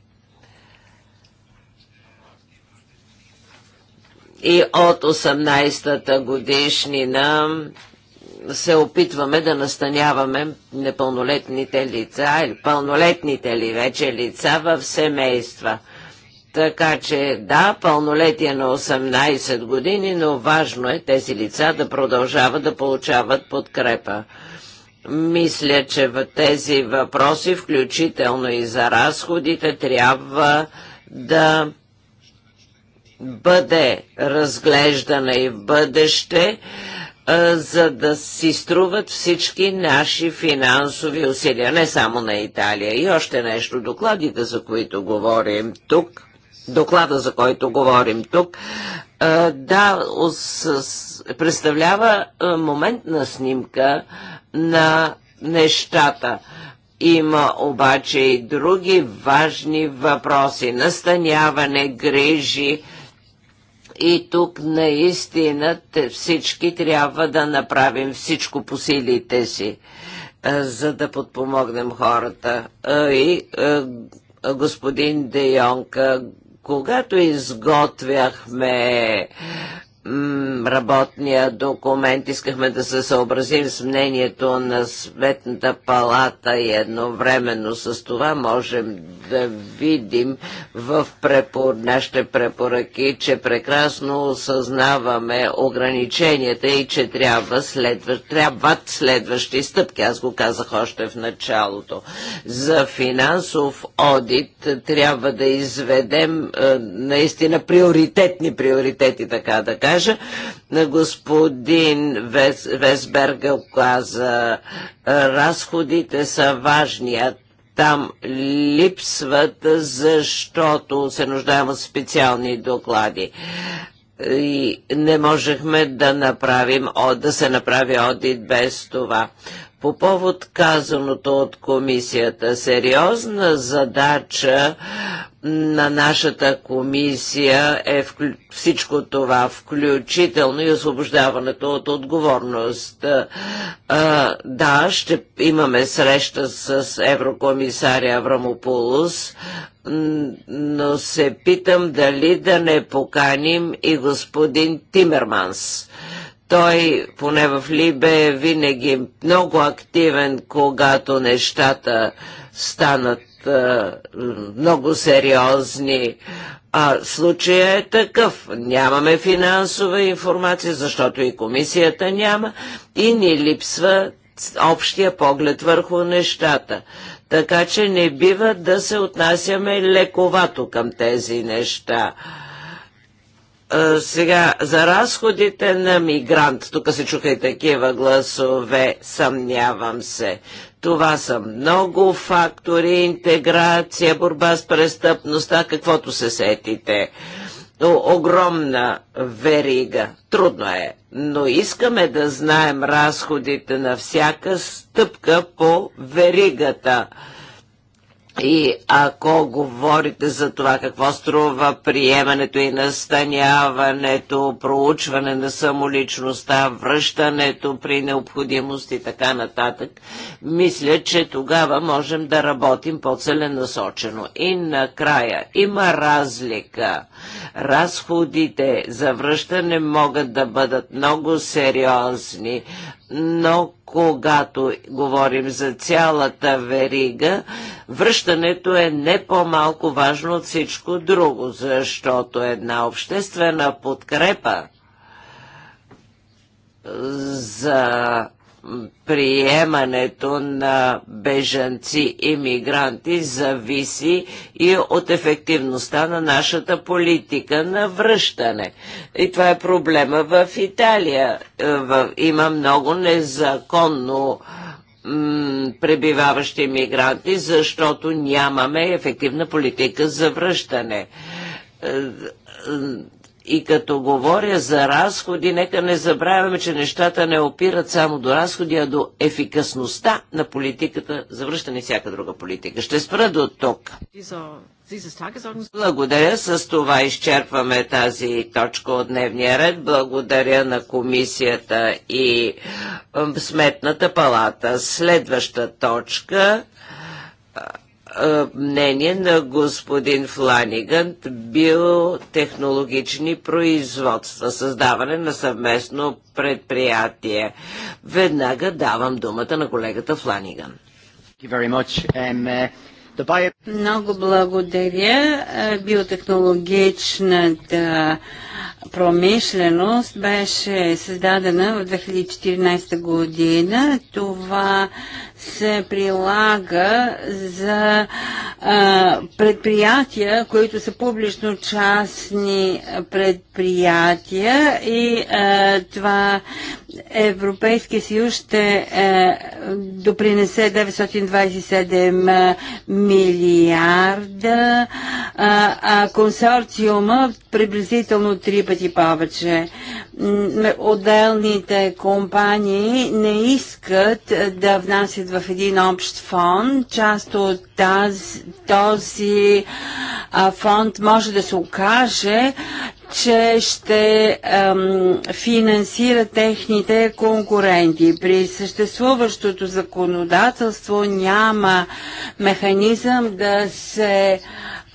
И от 18-та годишнина се опитваме да настаняваме непълнолетните лица или пълнолетните ли вече лица в семейства. Така че да, пълнолетие на 18 години, но важно е тези лица да продължават да получават подкрепа. Мисля, че в тези въпроси, включително и за разходите, трябва да бъде разглеждана и в бъдеще за да си струват всички наши финансови усилия, не само на Италия. И още нещо, докладите, за които говорим тук, доклада, за който говорим тук, да, представлява момент на снимка на нещата. Има обаче и други важни въпроси. Настаняване, грижи, и тук наистина всички трябва да направим всичко по силите си, е, за да подпомогнем хората. Е, и е, господин Дейонка, когато изготвяхме работния документ искахме да се съобразим с мнението на Светната палата и едновременно с това можем да видим в препор... нашите препоръки, че прекрасно осъзнаваме ограниченията и че трябва следва... трябват следващи стъпки. Аз го казах още в началото. За финансов одит трябва да изведем е, наистина приоритетни приоритети, така да кажа растежа. Господин Вес, каза, разходите са важният там липсват, защото се нуждаем от специални доклади. И не можехме да, направим, да се направи одит без това. По повод казаното от комисията, сериозна задача на нашата комисия е всичко това, включително и освобождаването от отговорност. да, ще имаме среща с еврокомисаря Аврамополус, но се питам дали да не поканим и господин Тимерманс. Той, поне в Либе, е винаги много активен, когато нещата станат а, много сериозни. А случая е такъв. Нямаме финансова информация, защото и комисията няма и ни липсва общия поглед върху нещата. Така че не бива да се отнасяме лековато към тези неща сега за разходите на мигрант, тук се чуха и такива гласове, съмнявам се. Това са много фактори, интеграция, борба с престъпността, каквото се сетите. Огромна верига. Трудно е, но искаме да знаем разходите на всяка стъпка по веригата. И ако говорите за това какво струва приемането и настаняването, проучване на самоличността, връщането при необходимост и така нататък, мисля, че тогава можем да работим по-целенасочено. И накрая има разлика. Разходите за връщане могат да бъдат много сериозни, но когато говорим за цялата верига, връщането е не по-малко важно от всичко друго, защото една обществена подкрепа за приемането на бежанци и мигранти зависи и от ефективността на нашата политика на връщане. И това е проблема в Италия. Е, има много незаконно пребиваващи мигранти, защото нямаме ефективна политика за връщане е, е, и като говоря за разходи, нека не забравяме, че нещата не опират само до разходи, а до ефикасността на политиката, връщане всяка друга политика. Ще спра до тук. Благодаря. С това изчерпваме тази точка от дневния ред. Благодаря на комисията и Сметната палата. Следваща точка е, мнение на господин Фланиган биотехнологични производства, създаване на съвместно предприятие. Веднага давам думата на колегата Фланиган. Um, uh, Много благодаря. Е, биотехнологичната промишленост беше създадена в 2014 година. Това се прилага за а, предприятия, които са публично-частни предприятия и а, това Европейския съюз ще а, допринесе 927 милиарда, а, а консорциума приблизително три пъти повече. Отделните компании не искат да внасят в един общ фонд. Част от тази, този а, фонд може да се окаже, че ще ам, финансира техните конкуренти. При съществуващото законодателство няма механизъм да се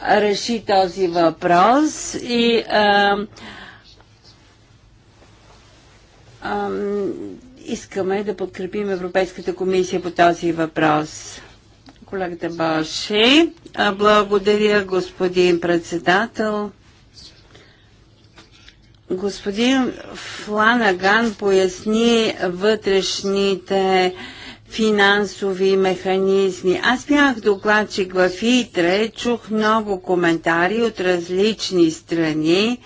реши този въпрос и ам, ам, искаме да подкрепим Европейската комисия по този въпрос. Колегата Баши, благодаря господин председател. Господин Фланаган поясни вътрешните финансови механизми. Аз бях докладчик в ИТРЕ, чух много коментари от различни страни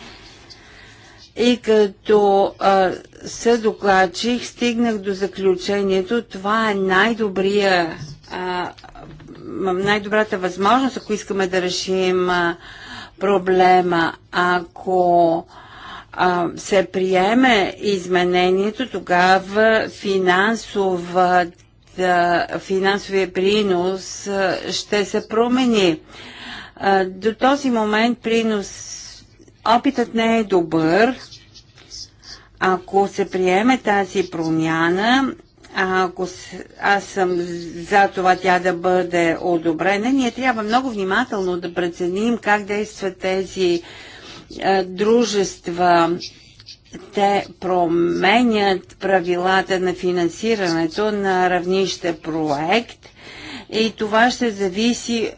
и като а, съдокладчих стигнах до заключението, това е най-добрия най-добрата възможност, ако искаме да решим а, проблема, ако а, се приеме изменението, тогава финансовия принос а, ще се промени. До този момент принос опитът не е добър. Ако се приеме тази промяна, а ако аз съм за това тя да бъде одобрена, ние трябва много внимателно да преценим как действат тези е, дружества. Те променят правилата на финансирането на равнище проект и това ще зависи е,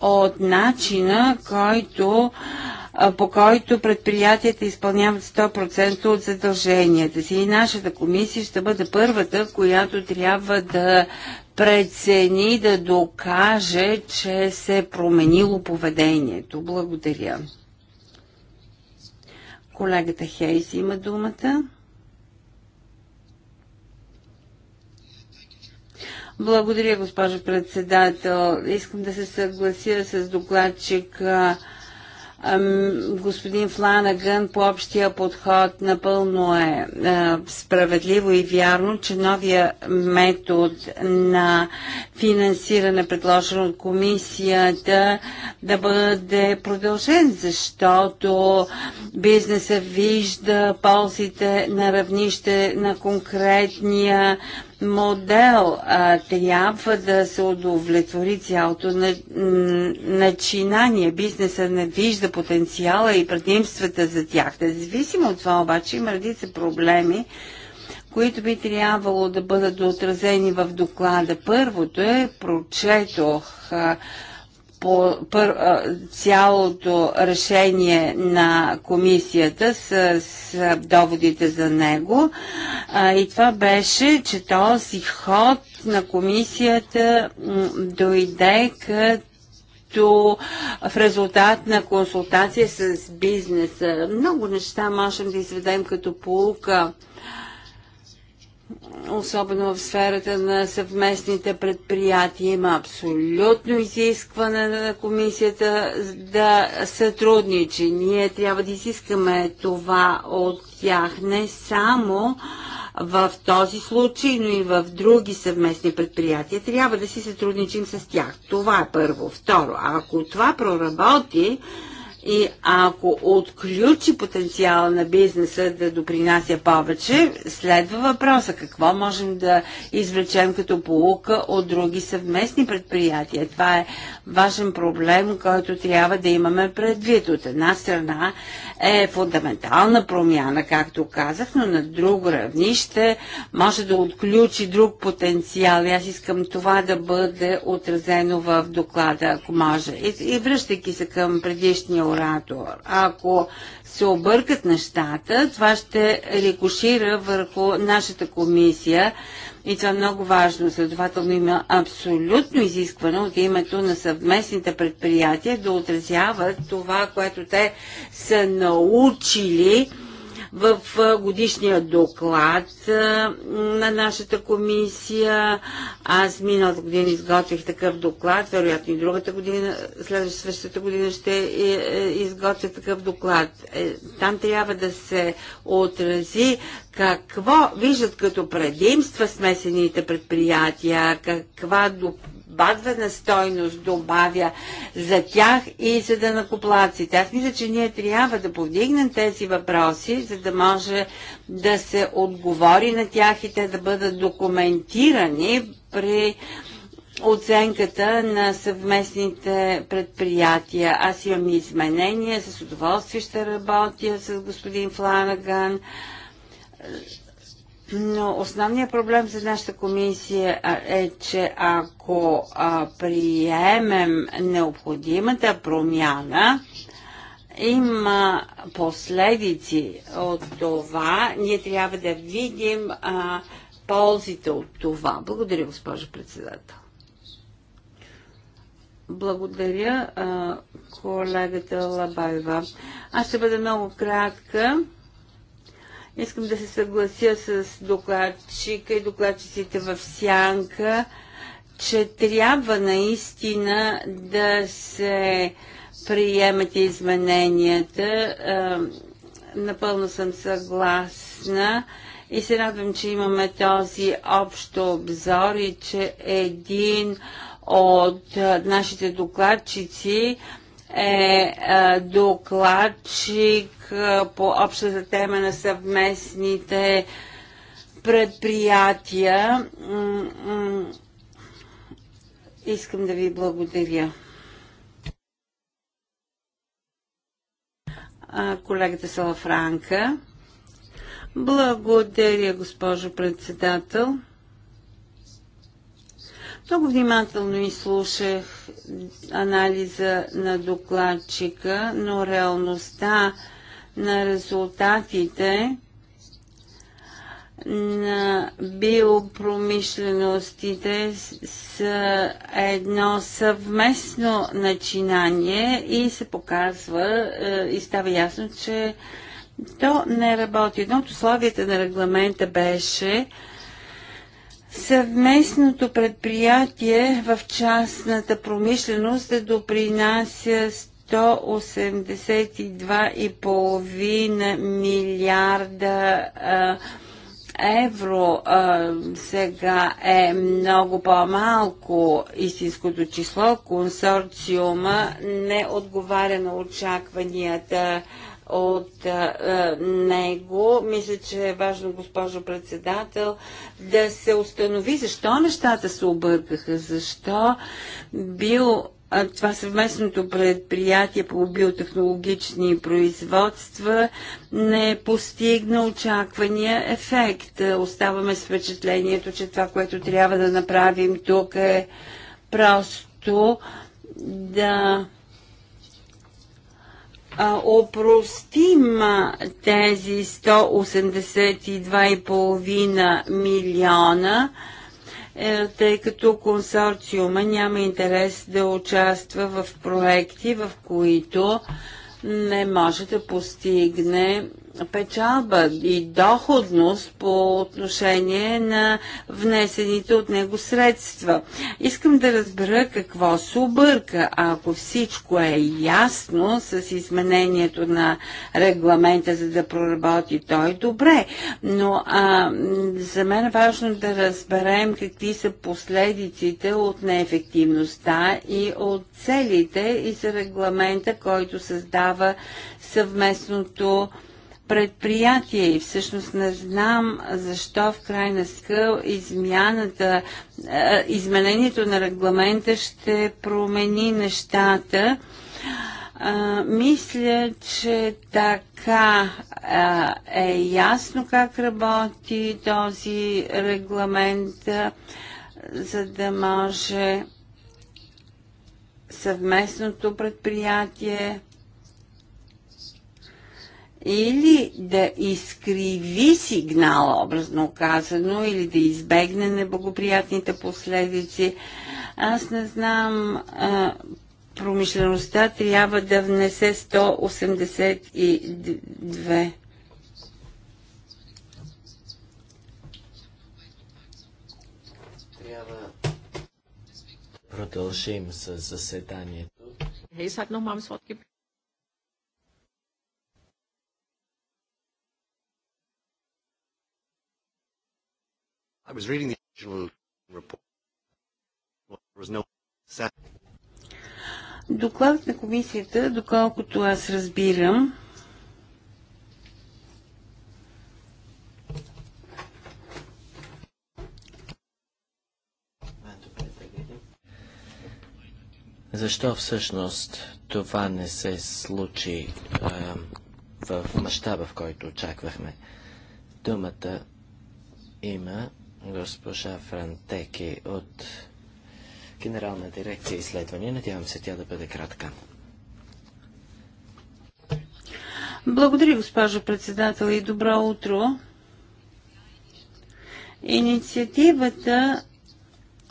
от начина, който е, по който предприятията изпълняват 100% от задълженията си. И нашата комисия ще бъде първата, която трябва да прецени, да докаже, че се е променило поведението. Благодаря. Колегата Хейс има думата. Благодаря, госпожо председател. Искам да се съглася с докладчика господин Фланаган по общия подход напълно е, е справедливо и вярно, че новия метод на финансиране, предложен от комисията, да бъде продължен, защото бизнеса вижда ползите на равнище на конкретния модел. А, трябва да се удовлетвори цялото на, начинание. Бизнесът не вижда потенциала и предимствата за тях. Независимо от това обаче има редица проблеми, които би трябвало да бъдат отразени в доклада. Първото е, прочетох а, по пър, цялото решение на комисията с, с доводите за него. А, и това беше, че този ход на комисията дойде като като в резултат на консултация с бизнеса. Много неща можем да изведем като полука особено в сферата на съвместните предприятия, има абсолютно изискване на комисията да сътрудничи. Ние трябва да изискаме това от тях не само в този случай, но и в други съвместни предприятия. Трябва да си сътрудничим с тях. Това е първо. Второ, ако това проработи, и ако отключи потенциала на бизнеса да допринася повече, следва въпроса какво можем да извлечем като полука от други съвместни предприятия. Това е важен проблем, който трябва да имаме предвид. От една страна е фундаментална промяна, както казах, но на друго равнище може да отключи друг потенциал. И аз искам това да бъде отразено в доклада, ако може. И, и връщайки се към предишния оратор, ако се объркат нещата, това ще рикошира върху нашата комисия и това е много важно. Следователно има абсолютно изискване от името на съвместните предприятия да отразяват това, което те са научили в годишния доклад на нашата комисия, аз миналата година изготвих такъв доклад, вероятно и другата година, следващата година ще е, е, изготвя такъв доклад. Е, там трябва да се отрази какво виждат като предимства смесените предприятия, каква допълнителност добавена стойност добавя за тях и за да накоплаците. Аз мисля, че ние трябва да повдигнем тези въпроси, за да може да се отговори на тях и те да бъдат документирани при оценката на съвместните предприятия. Аз имам изменения, с удоволствие ще работя с господин Фланаган но основният проблем за нашата комисия е, че ако а, приемем необходимата промяна, има последици от това. Ние трябва да видим а, ползите от това. Благодаря, госпожо председател. Благодаря, а, колегата Лабаева. Аз ще бъда много кратка. Искам да се съглася с докладчика и докладчиците в Сянка, че трябва наистина да се приемат измененията. Е, напълно съм съгласна и се радвам, че имаме този общо обзор и че един от е, нашите докладчици е, е докладчик е, по общата тема на съвместните предприятия. Искам да ви благодаря. Колегата Салафранка. Благодаря, госпожо председател. Много внимателно изслушах анализа на докладчика, но реалността на резултатите на биопромишленостите с едно съвместно начинание и се показва е, и става ясно, че то не работи. Едно от условията на регламента беше Съвместното предприятие в частната промишленост да допринася 182,5 милиарда а, евро а, сега е много по-малко истинското число. Консорциума не отговаря на очакванията от а, а, него. Мисля, че е важно, госпожо председател, да се установи защо нещата се объркаха, защо бил а, това съвместното предприятие по биотехнологични производства не постигна очаквания ефект. Оставаме с впечатлението, че това, което трябва да направим тук е просто да опростим тези 182,5 милиона, е, тъй като консорциума няма интерес да участва в проекти, в които не може да постигне печалба и доходност по отношение на внесените от него средства. Искам да разбера какво се обърка, ако всичко е ясно с изменението на регламента, за да проработи той добре. Но а, за мен е важно да разберем какви са последиците от неефективността и от целите и за регламента, който създава съвместното предприятие и всъщност не знам защо в крайна скъл измяната, е, изменението на регламента ще промени нещата. А, е, мисля, че така а, е, е ясно как работи този регламент, а, за да може съвместното предприятие или да изкриви сигнала, образно казано, или да избегне неблагоприятните последици. Аз не знам, а, промишлеността трябва да внесе 182. Трябва продължим с заседанието. I was reading the original report. There was no Докладът на комисията, доколкото аз разбирам, Защо всъщност това не се случи е, в мащаба, в който очаквахме? Думата има госпожа Франтеки от Генерална дирекция изследвания. Надявам се тя да бъде кратка. Благодаря, госпожо председател и добро утро. Инициативата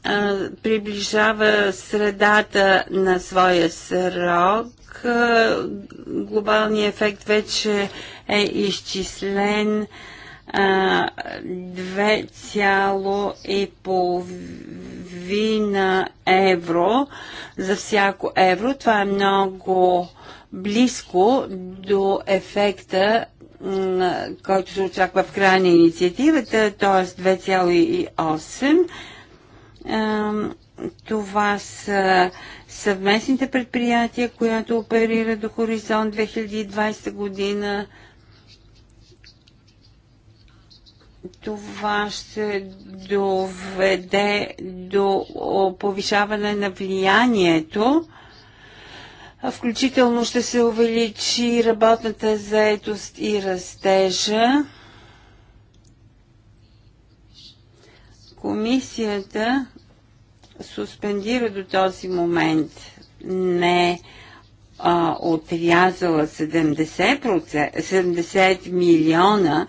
а, приближава средата на своя срок. А, глобалният ефект вече е изчислен. А, 2,5 евро за всяко евро. Това е много близко до ефекта, който се очаква в края на инициативата, т.е. 2,8. Това са съвместните предприятия, която оперира до хоризонт 2020 година това ще доведе до повишаване на влиянието. Включително ще се увеличи работната заетост и растежа. Комисията суспендира до този момент не а, отрязала 70, 70 милиона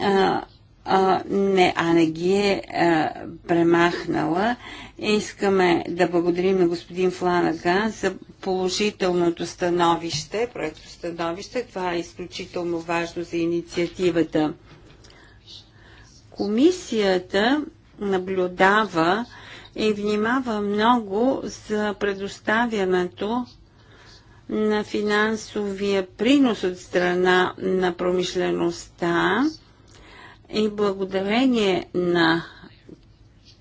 а, а, не, а не ги е а, премахнала. Искаме да благодарим на господин Фланаган за положителното становище, проекто становище. Това е изключително важно за инициативата. Комисията наблюдава и внимава много за предоставянето на финансовия принос от страна на промишлеността и благодарение на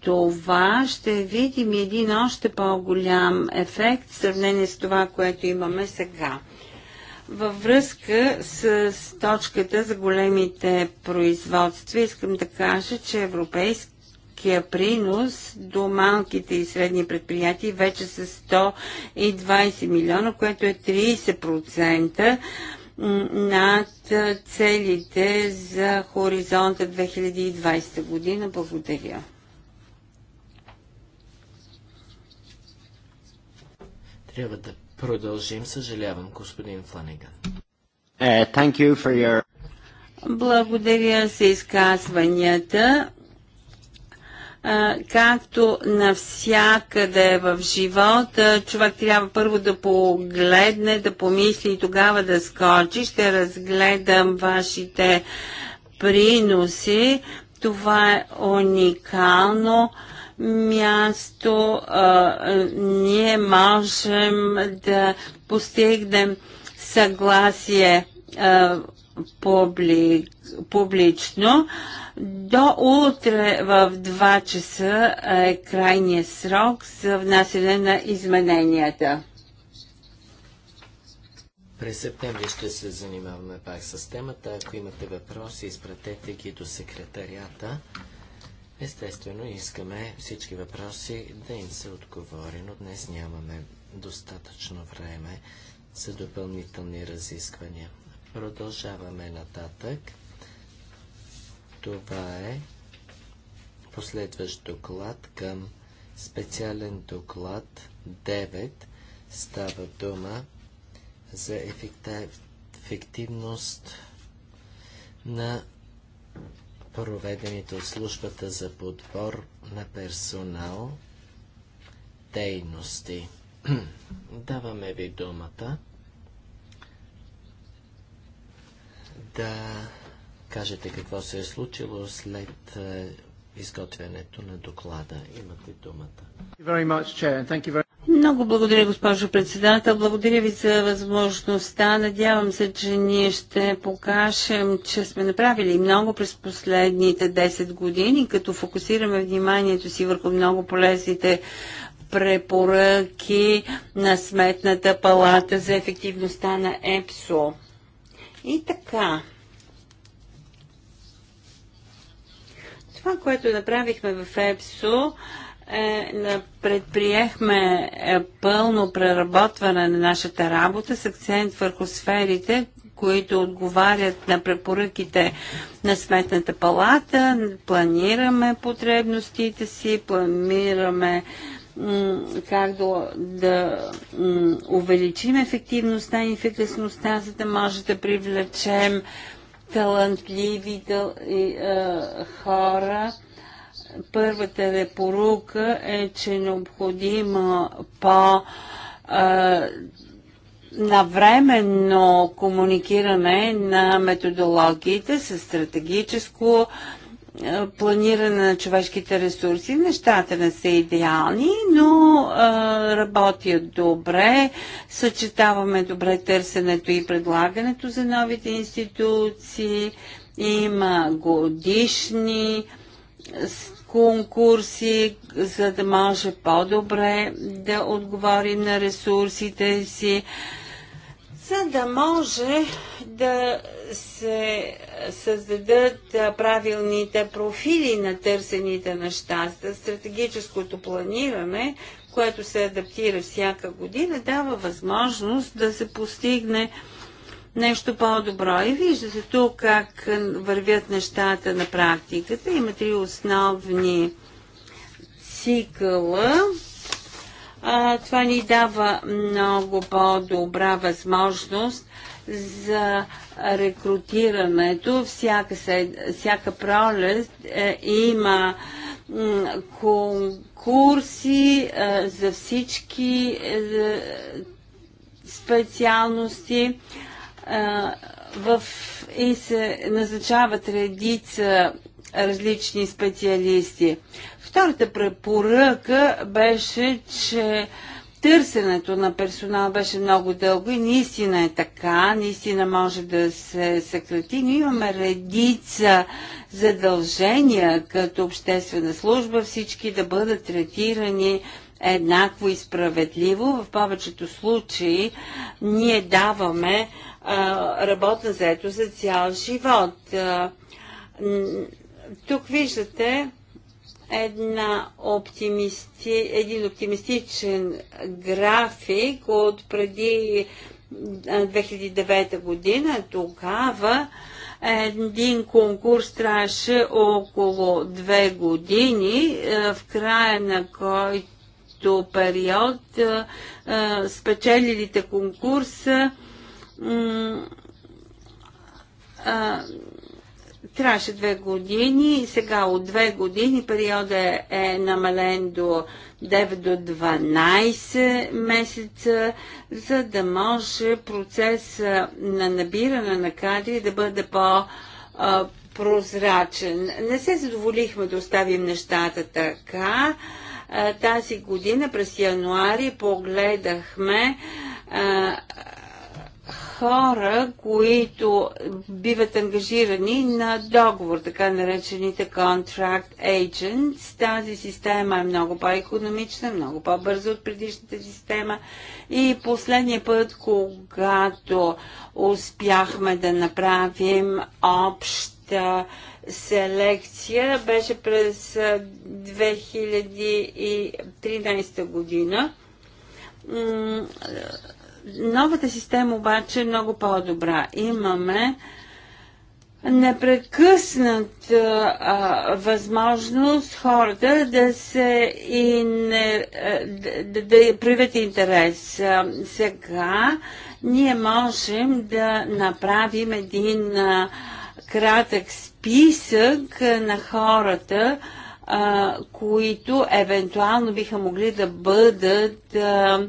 това ще видим един още по-голям ефект в сравнение с това, което имаме сега. Във връзка с точката за големите производства, искам да кажа, че европейския принос до малките и средни предприятия вече са 120 милиона, което е 30% над целите за хоризонта 2020 година. Благодаря. Трябва да продължим. Съжалявам, господин Фланеган. Uh, you your... Благодаря за изказванията както навсякъде в живота, човек трябва първо да погледне, да помисли и тогава да скочи. Ще разгледам вашите приноси. Това е уникално място. Ние можем да постигнем съгласие публи, публично. До утре в 2 часа е крайния срок за внасяне на измененията. През септември ще се занимаваме пак с темата. Ако имате въпроси, изпратете ги до секретарията. Естествено, искаме всички въпроси да им се отговори, но днес нямаме достатъчно време за допълнителни разисквания. Продължаваме нататък. Това е последващ доклад към специален доклад 9. Става дума за ефективност на проведените от службата за подбор на персонал дейности. Даваме ви думата. да кажете какво се е случило след е, изготвянето на доклада. Имате думата. Много благодаря, госпожо председател. Благодаря ви за възможността. Надявам се, че ние ще покажем, че сме направили много през последните 10 години, като фокусираме вниманието си върху много полезните препоръки на Сметната палата за ефективността на ЕПСО. И така. Това, което направихме в ЕПСО, е, предприехме е, пълно преработване на нашата работа с акцент върху сферите, които отговарят на препоръките на Сметната палата. Планираме потребностите си, планираме как да, да увеличим ефективността и ефикасността, за да може да привлечем талантливи тъл, и, а, хора. Първата репорука е, че е необходимо по- навременно комуникиране на методологиите с стратегическо а, е, планиране на човешките ресурси. Нещата не са идеални, но а, е, работят добре, съчетаваме добре търсенето и предлагането за новите институции, има годишни е, конкурси, за да може по-добре да отговорим на ресурсите си. А, за да може да се създадат правилните профили на търсените неща, стратегическото планиране, което се адаптира всяка година, дава възможност да се постигне нещо по-добро. И виждате тук как вървят нещата на практиката. Има три основни цикъла а, това ни дава много по-добра възможност за рекрутирането. Всяка, всяка пролест е, има конкурси е, за всички е, специалности. Е, в, и се назначават редица различни специалисти. Втората препоръка беше, че търсенето на персонал беше много дълго и наистина е така, наистина може да се съкрати, но имаме редица задължения като обществена служба всички да бъдат третирани еднакво и справедливо. В повечето случаи ние даваме работна заето за цял живот. тук виждате една оптимисти, един оптимистичен график от преди 2009 година. Тогава един конкурс трябваше около две години, в края на който период спечелилите конкурса а, трябваше две години и сега от две години периода е, е намален до 9 до 12 месеца, за да може процес на набиране на кадри да бъде по- прозрачен. Не се задоволихме да оставим нещата така. Тази година през януари погледахме хора, които биват ангажирани на договор, така наречените contract agents. Тази система е много по-економична, много по-бърза от предишната система. И последния път, когато успяхме да направим обща селекция, беше през 2013 година новата система обаче е много по-добра. Имаме непрекъсната а, възможност хората да се и не, да, да привят интерес. А, сега ние можем да направим един а, кратък списък на хората, а, които евентуално биха могли да бъдат а,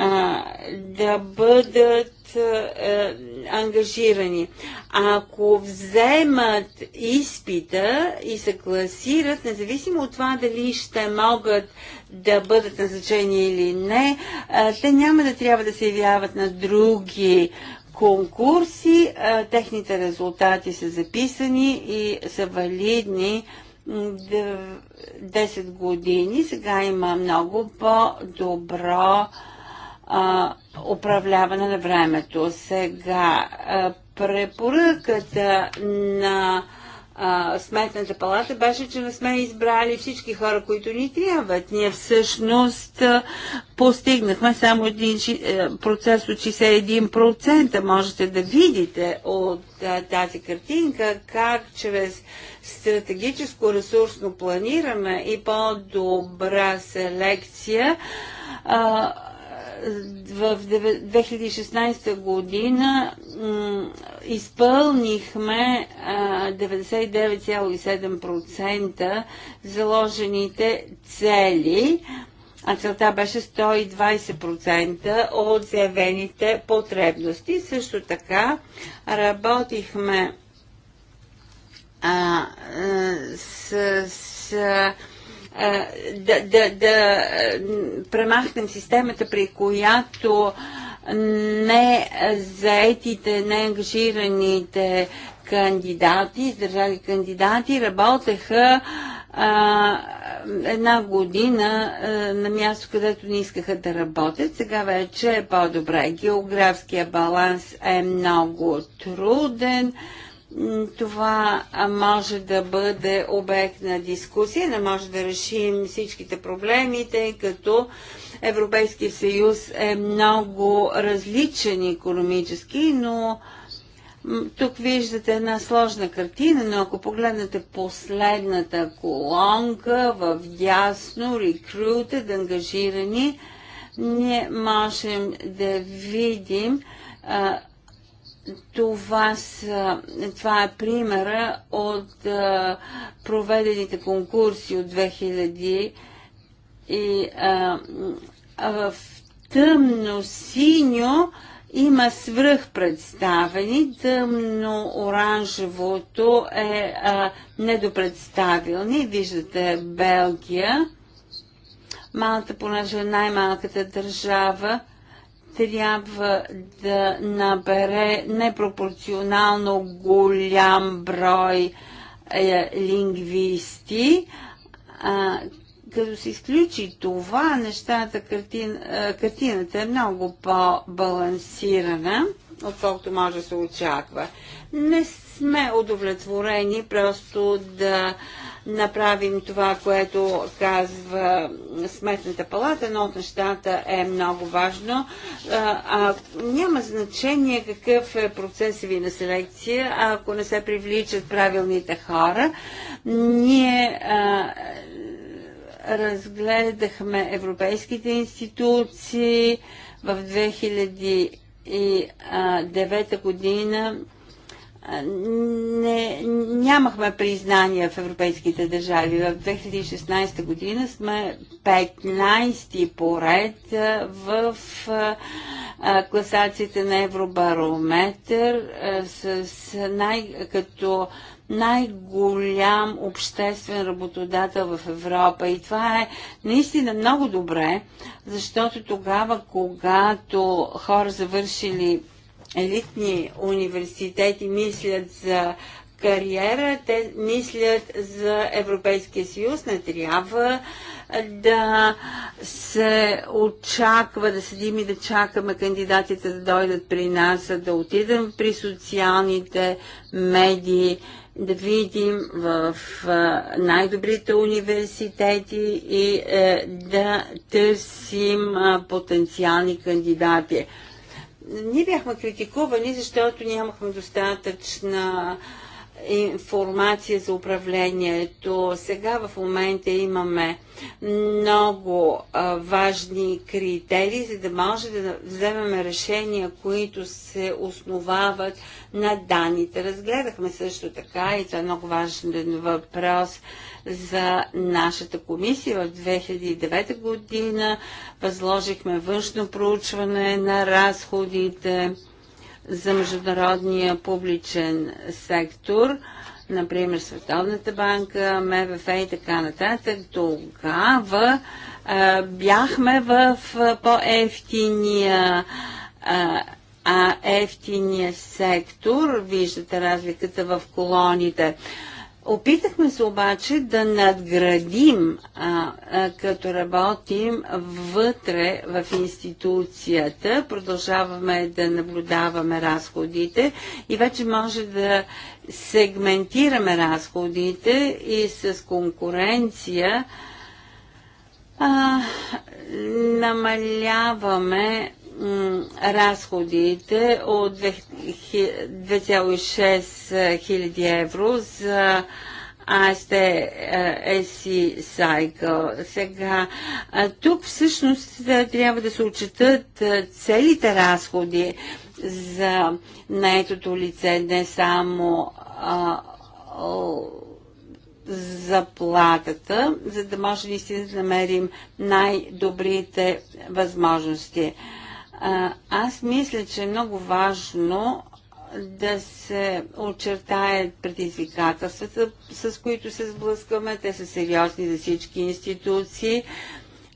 а, да бъдат а, е, ангажирани. Ако вземат изпита и се класират, независимо от това дали ще могат да бъдат назначени или не, а, те няма да трябва да се явяват на други конкурси. А, техните резултати са записани и са валидни. 10 години, сега има много по-добро а, управляване на времето. Сега а, препоръката на Сметната палата беше, че не сме избрали всички хора, които ни трябват. Ние всъщност постигнахме само един е, процес от 61%. Можете да видите от тази картинка как чрез стратегическо ресурсно планиране и по-добра селекция в 2016 година изпълнихме 99,7% заложените цели, а целта беше 120% от заявените потребности. Също така работихме а, с, с да, да, да премахнем системата, при която не заетите, не ангажираните кандидати, издържали кандидати, работеха а, една година а, на място, където не искаха да работят. Сега вече е по-добре. Географския баланс е много труден. А, това може да бъде обект на дискусия, не може да решим всичките проблеми, тъй като Европейския съюз е много различен економически, но тук виждате една сложна картина, но ако погледнете последната колонка в дясно, рекрутед, ангажирани, ние можем да видим а, това, са, това е примера от а, проведените конкурси от 2000 и а, а в тъмно-синьо има свръхпредставени, тъмно-оранжевото е а, недопредставилни. Виждате Белгия, малата, понеже е най-малката държава, трябва да набере непропорционално голям брой е, лингвисти. А, като се изключи това, нещата, картин, картината е много по-балансирана, отколкото може да се очаква. Не сме удовлетворени просто да а, направим това, което казва Сметната палата. но от нещата е много важно. А, а, няма значение какъв е процесът ви на селекция, ако не се привличат правилните хора. Ние а, разгледахме европейските институции в 2009 година не, нямахме признания в европейските държави. В 2016 година сме 15-ти поред в класацията на Евробарометр с най, като най-голям обществен работодател в Европа. И това е наистина много добре, защото тогава, когато хора завършили елитни университети мислят за кариера, те мислят за Европейския съюз. Не трябва да се очаква, да седим и да чакаме кандидатите да дойдат при нас, да отидем при социалните медии, да видим в най-добрите университети и е, да търсим потенциални кандидати ние бяхме критикувани, защото нямахме достатъчна информация за управлението. Сега в момента имаме много а, важни критерии, за да може да вземем решения, които се основават на данните. Разгледахме също така и това е много важен въпрос за нашата комисия. В 2009 година възложихме външно проучване на разходите за международния публичен сектор, например Световната банка, МВФ и така нататък, тогава а, бяхме в по-ефтиния а ефтиния сектор, виждате разликата в колоните. Опитахме се обаче да надградим, а, а, като работим вътре в институцията, продължаваме да наблюдаваме разходите и вече може да сегментираме разходите и с конкуренция а, намаляваме разходите от 2,6 хиляди евро за Асте SC Сайкъл Сега, тук всъщност е, трябва да се отчитат е, целите разходи за наетото лице, не само заплатата, за да може наистина да намерим най-добрите възможности. Аз мисля, че е много важно да се очертаят предизвикателствата, с които се сблъскваме. Те са сериозни за всички институции.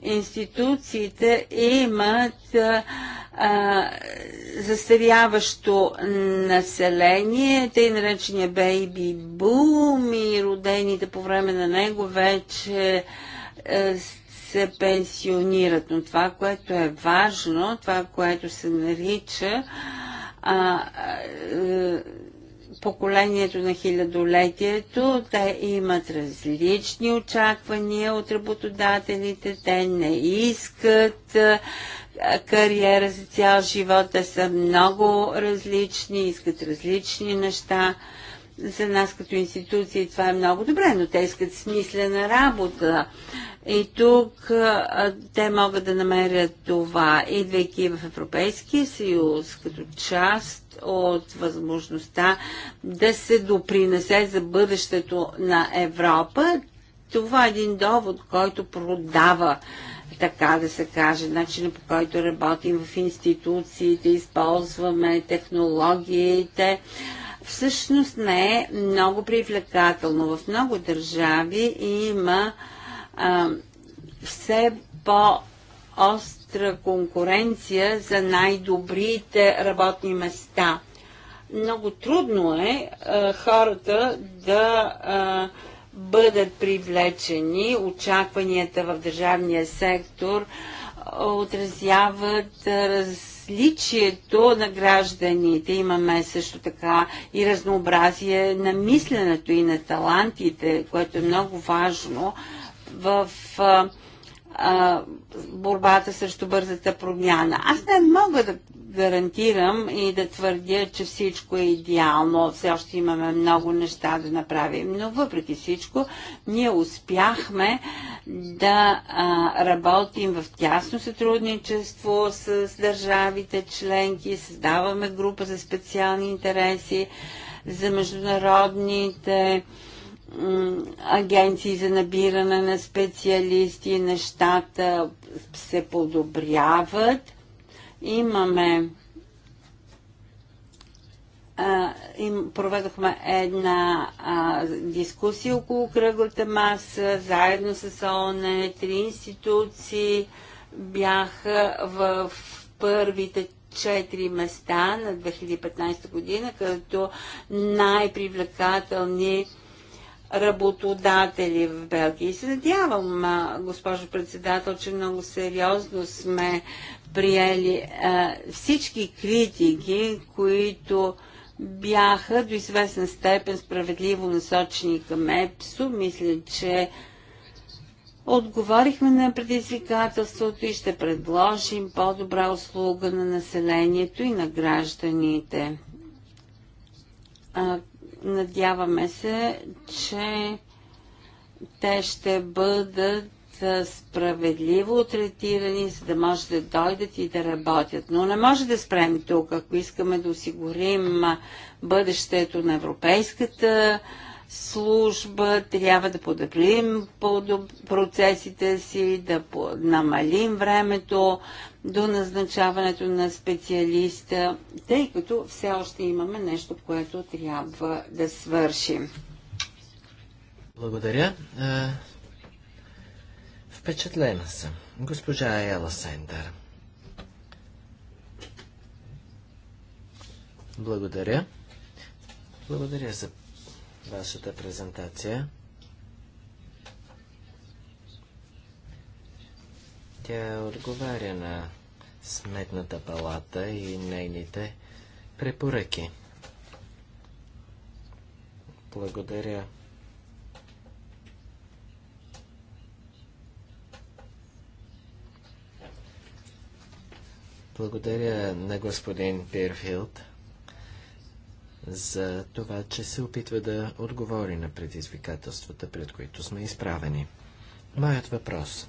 Институциите имат а, застаряващо население, тъй наречения бейби бум и родените по време на него вече а, е, се пенсионират. Но това, което е важно, това, което се нарича а, а, е, поколението на хилядолетието, те имат различни очаквания от работодателите, те не искат е, кариера за цял живот, те са много различни, искат различни неща. За нас като институции това е много добре, но те искат смислена работа. И тук а, те могат да намерят това, идвайки в Европейския съюз, като част от възможността да се допринесе за бъдещето на Европа. Това е един довод, който продава така да се каже, начина по който работим в институциите, използваме технологиите всъщност не е много привлекателно. В много държави има а, все по-остра конкуренция за най-добрите работни места. Много трудно е а, хората да а, бъдат привлечени. Очакванията в държавния сектор отразяват раз различието на гражданите. Имаме също така и разнообразие на мисленето и на талантите, което е много важно в а, а, борбата срещу бързата промяна. Аз не мога да гарантирам и да твърдя, че всичко е идеално. Все още имаме много неща да направим, но въпреки всичко ние успяхме да а, работим в тясно сътрудничество с държавите членки, създаваме група за специални интереси за международните а, агенции за набиране на специалисти, нещата се подобряват. Имаме им проведохме една а, дискусия около кръглата маса, заедно с ООН, три институции бяха в първите четири места на 2015 година, като най-привлекателни работодатели в Белгия. И се надявам, госпожо председател, че много сериозно сме приели а, всички критики, които бяха до известна степен справедливо насочени към ЕПСО. Мисля, че Отговорихме на предизвикателството и ще предложим по-добра услуга на населението и на гражданите. А, Надяваме се, че те ще бъдат справедливо третирани, за да може да дойдат и да работят. Но не може да спрем тук, ако искаме да осигурим бъдещето на европейската служба, трябва да подобрим процесите си, да намалим времето до назначаването на специалиста, тъй като все още имаме нещо, което трябва да свършим. Благодаря. Впечатлена съм. Госпожа Ела Сендър. Благодаря. Благодаря за вашата презентация. Тя отговаря на Сметната палата и нейните препоръки. Благодаря. Благодаря на господин Пирфилд за това, че се опитва да отговори на предизвикателствата, пред които сме изправени. Моят въпрос.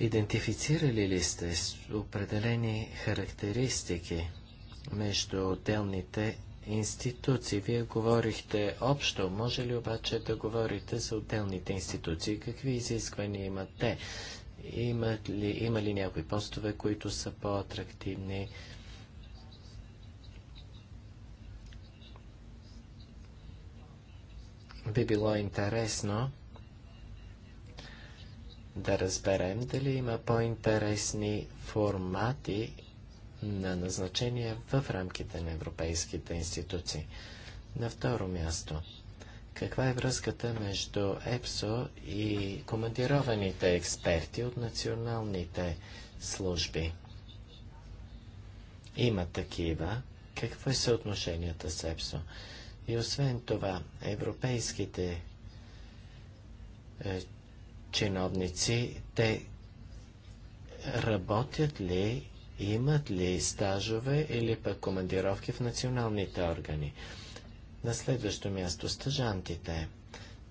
Идентифицирали ли сте определени характеристики между отделните институции. Вие говорихте общо, може ли обаче да говорите за отделните институции? Какви изисквания имат те? Има ли, има ли някои постове, които са по-атрактивни? Би било интересно да разберем дали има по-интересни формати на назначение в рамките на европейските институции. На второ място, каква е връзката между ЕПСО и командированите експерти от националните служби? Има такива. Какво е съотношенията с ЕПСО? И освен това, европейските е, чиновници, те работят ли имат ли стажове или пък командировки в националните органи. На следващо място стажантите.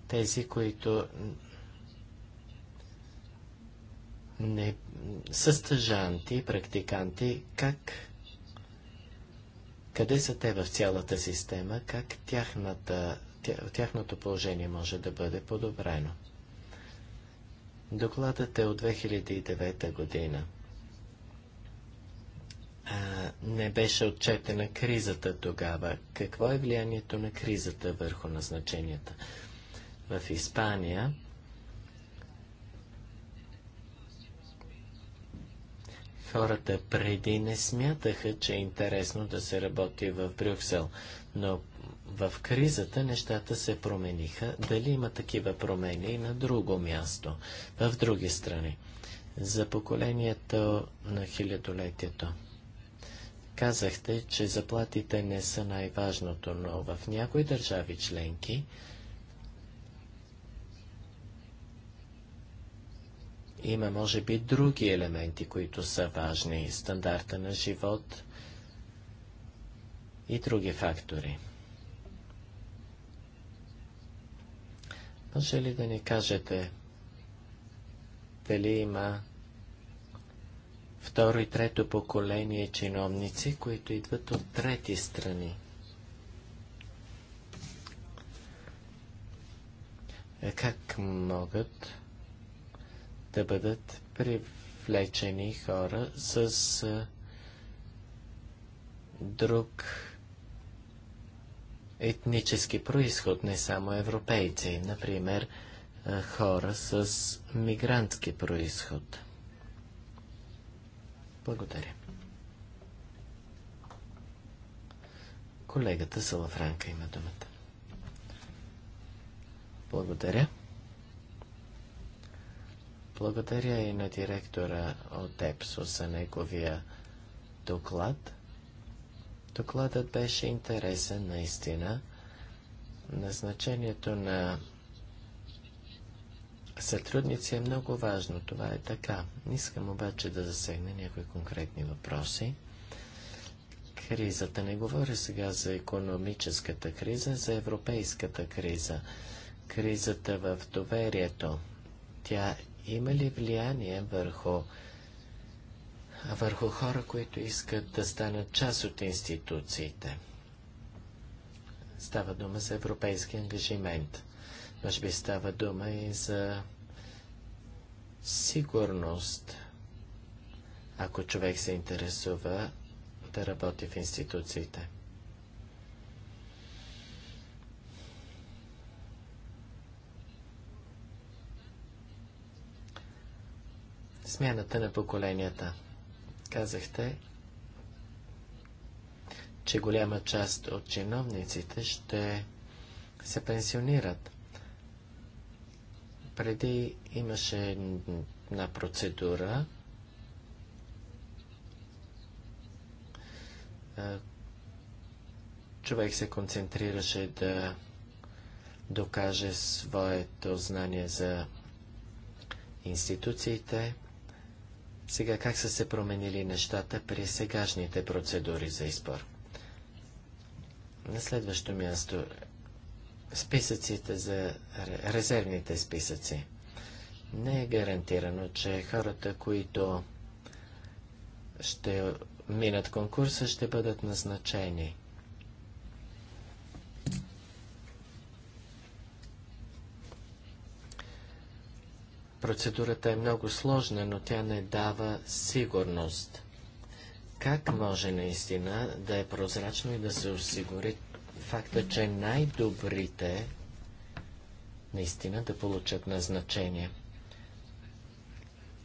Тези, които не са стажанти, практиканти, как къде са те в цялата система, как тяхната, тя, тяхното положение може да бъде подобрено. Докладът е от 2009 година а, не беше отчетена кризата тогава. Какво е влиянието на кризата върху назначенията? В Испания хората преди не смятаха, че е интересно да се работи в Брюксел, но в кризата нещата се промениха. Дали има такива промени и на друго място, в други страни? За поколението на хилядолетието казахте, че заплатите не са най-важното, но в някои държави членки има, може би, други елементи, които са важни, стандарта на живот и други фактори. Може ли да ни кажете, дали има второ и трето поколение чиновници, които идват от трети страни. Е, как могат да бъдат привлечени хора с друг етнически происход, не само европейци, например, хора с мигрантски происход. Благодаря. Колегата Салафранка има думата. Благодаря. Благодаря и на директора от ЕПСО за неговия доклад. Докладът беше интересен наистина. Назначението на сътрудници е много важно. Това е така. Искам обаче да засегна някои конкретни въпроси. Кризата. Не говоря сега за економическата криза, за европейската криза. Кризата в доверието. Тя има ли влияние върху върху хора, които искат да станат част от институциите. Става дума за европейски ангажимент. Може би става дума и за сигурност. Ако човек се интересува да работи в институциите. Смяната на поколенията. Казахте, че голяма част от чиновниците ще се пенсионират. Преди имаше една процедура, човек се концентрираше да докаже своето знание за институциите. Сега как са се променили нещата при сегашните процедури за избор? На следващо място списъците за резервните списъци. Не е гарантирано, че хората, които ще минат конкурса, ще бъдат назначени. Процедурата е много сложна, но тя не дава сигурност. Как може наистина да е прозрачно и да се осигури факта, че най-добрите наистина да получат назначение.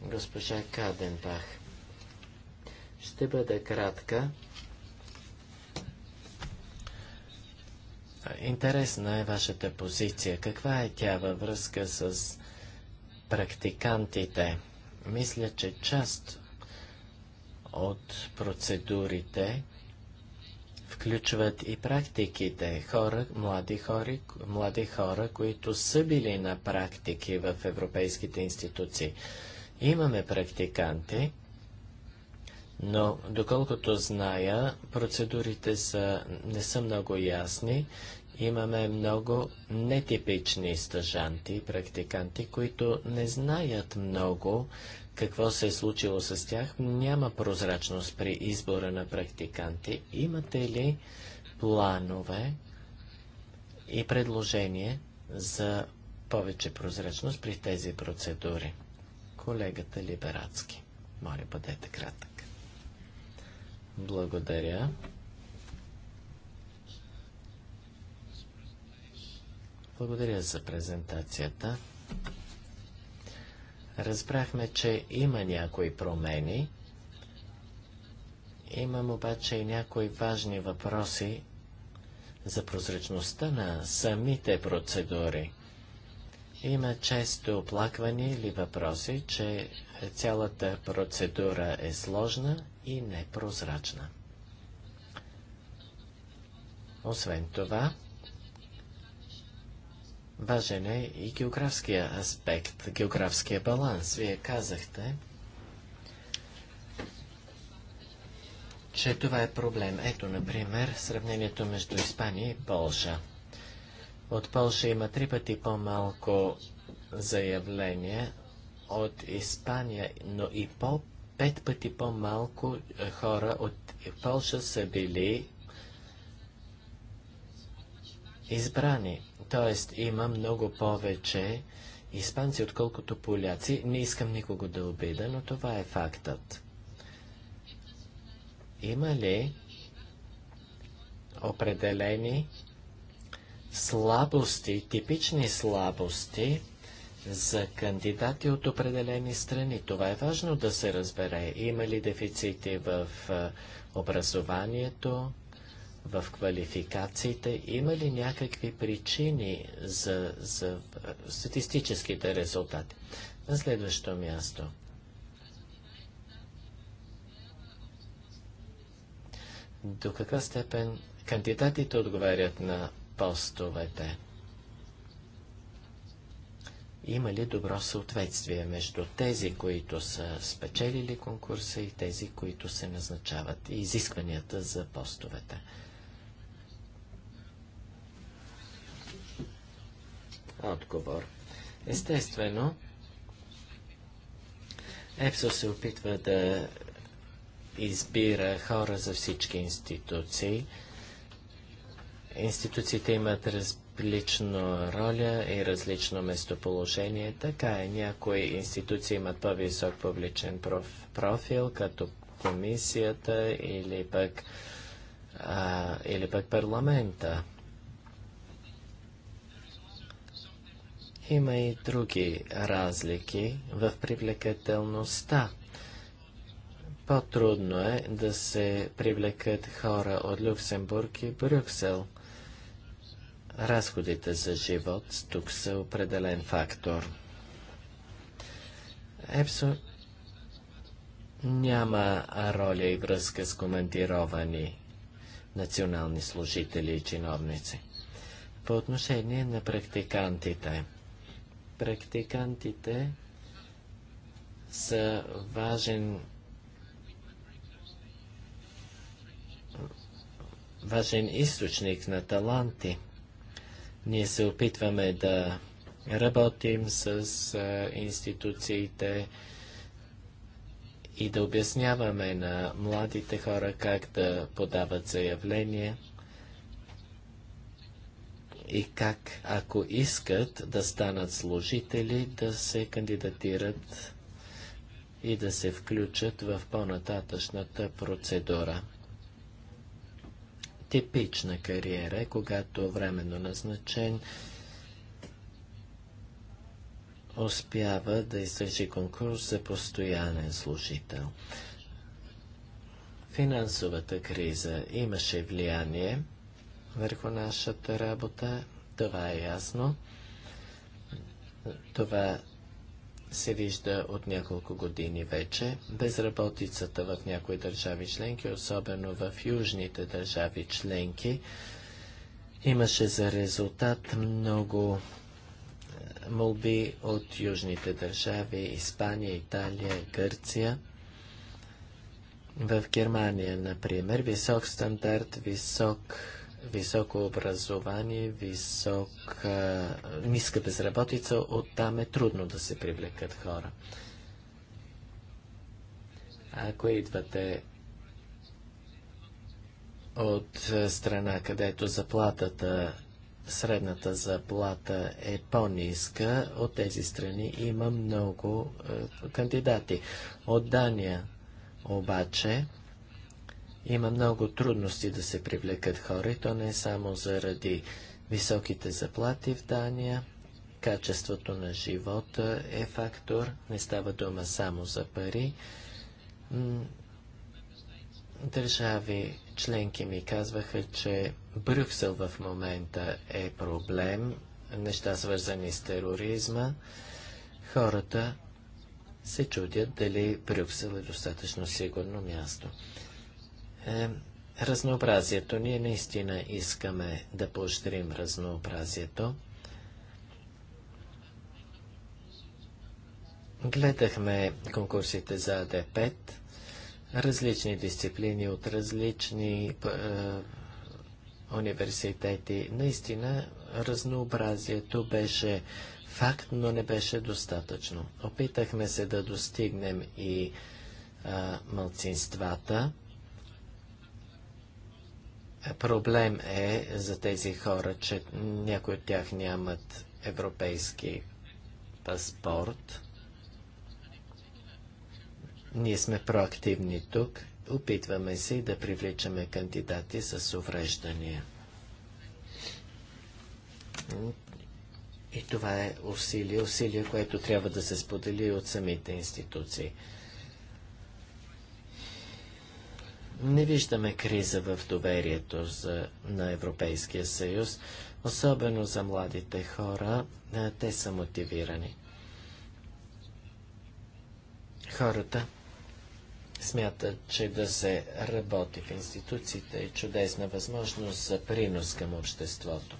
Госпожа Каденбах, ще бъда кратка. Интересна е вашата позиция. Каква е тя във връзка с практикантите? Мисля, че част от процедурите включват и практиките. Хора, млади, хора, млади хора, които са били на практики в европейските институции. Имаме практиканти, но доколкото зная, процедурите са, не са много ясни. Имаме много нетипични стъжанти практиканти, които не знаят много какво се е случило с тях, няма прозрачност при избора на практиканти. Имате ли планове и предложение за повече прозрачност при тези процедури? Колегата Либерацки. Моля, бъдете кратък. Благодаря. Благодаря за презентацията. Разбрахме, че има някои промени. Имам обаче и някои важни въпроси за прозрачността на самите процедури. Има често оплаквания или въпроси, че цялата процедура е сложна и непрозрачна. Освен това, Важен е и географския аспект, географския баланс. Вие казахте, че това е проблем. Ето, например, сравнението между Испания и Полша. От Полша има три пъти по-малко заявления от Испания, но и по пет пъти по-малко е, хора от Полша са били избрани. Тоест има много повече испанци, отколкото поляци. Не искам никого да обида, но това е фактът. Има ли определени слабости, типични слабости за кандидати от определени страни. Това е важно да се разбере. Има ли дефицити в образованието, в квалификациите. Има ли някакви причини за, за статистическите резултати? На следващо място. До каква степен кандидатите отговарят на постовете? Има ли добро съответствие между тези, които са спечелили конкурса и тези, които се назначават и изискванията за постовете? отговор. Естествено, ЕПСО се опитва да избира хора за всички институции. Институциите имат различна роля и различно местоположение. Така е, някои институции имат по-висок публичен проф, профил, като комисията или пък, а, или пък парламента. Има и други разлики в привлекателността. По-трудно е да се привлекат хора от Люксембург и Брюксел. Разходите за живот тук са определен фактор. Епсо няма роля и връзка с командировани национални служители и чиновници. По отношение на практикантите – Практикантите са важен важен източник на таланти. Ние се опитваме да работим с институциите и да обясняваме на младите хора как да подават заявления и как, ако искат да станат служители, да се кандидатират и да се включат в по-нататъчната процедура. Типична кариера е, когато временно назначен успява да издържи конкурс за постоянен служител. Финансовата криза имаше влияние – върху нашата работа. Това е ясно. Това се вижда от няколко години вече. Безработицата в някои държави членки, особено в южните държави членки, имаше за резултат много е, молби от южните държави Испания, Италия, Гърция. В Германия, например, висок стандарт, висок високо образование, висока, ниска безработица, оттам е трудно да се привлекат хора. Ако идвате от страна, където заплатата, средната заплата е по-ниска, от тези страни има много е, кандидати. От Дания обаче има много трудности да се привлекат хора и то не е само заради високите заплати в Дания. Качеството на живота е фактор. Не става дума само за пари. Държави членки ми казваха, че Брюксел в момента е проблем, неща свързани с тероризма. Хората се чудят дали Брюксел е достатъчно сигурно място е разнообразието. Ние наистина искаме да поощрим разнообразието. Гледахме конкурсите за АД5, различни дисциплини от различни е, университети. Наистина разнообразието беше факт, но не беше достатъчно. Опитахме се да достигнем и а, мълцинствата. Проблем е за тези хора, че някои от тях нямат европейски паспорт. Ние сме проактивни тук. Опитваме се да привличаме кандидати с увреждания. И това е усилие, усилие, което трябва да се сподели от самите институции. Не виждаме криза в доверието за, на Европейския съюз, особено за младите хора. Е, те са мотивирани. Хората смятат, че да се работи в институциите е чудесна възможност за принос към обществото.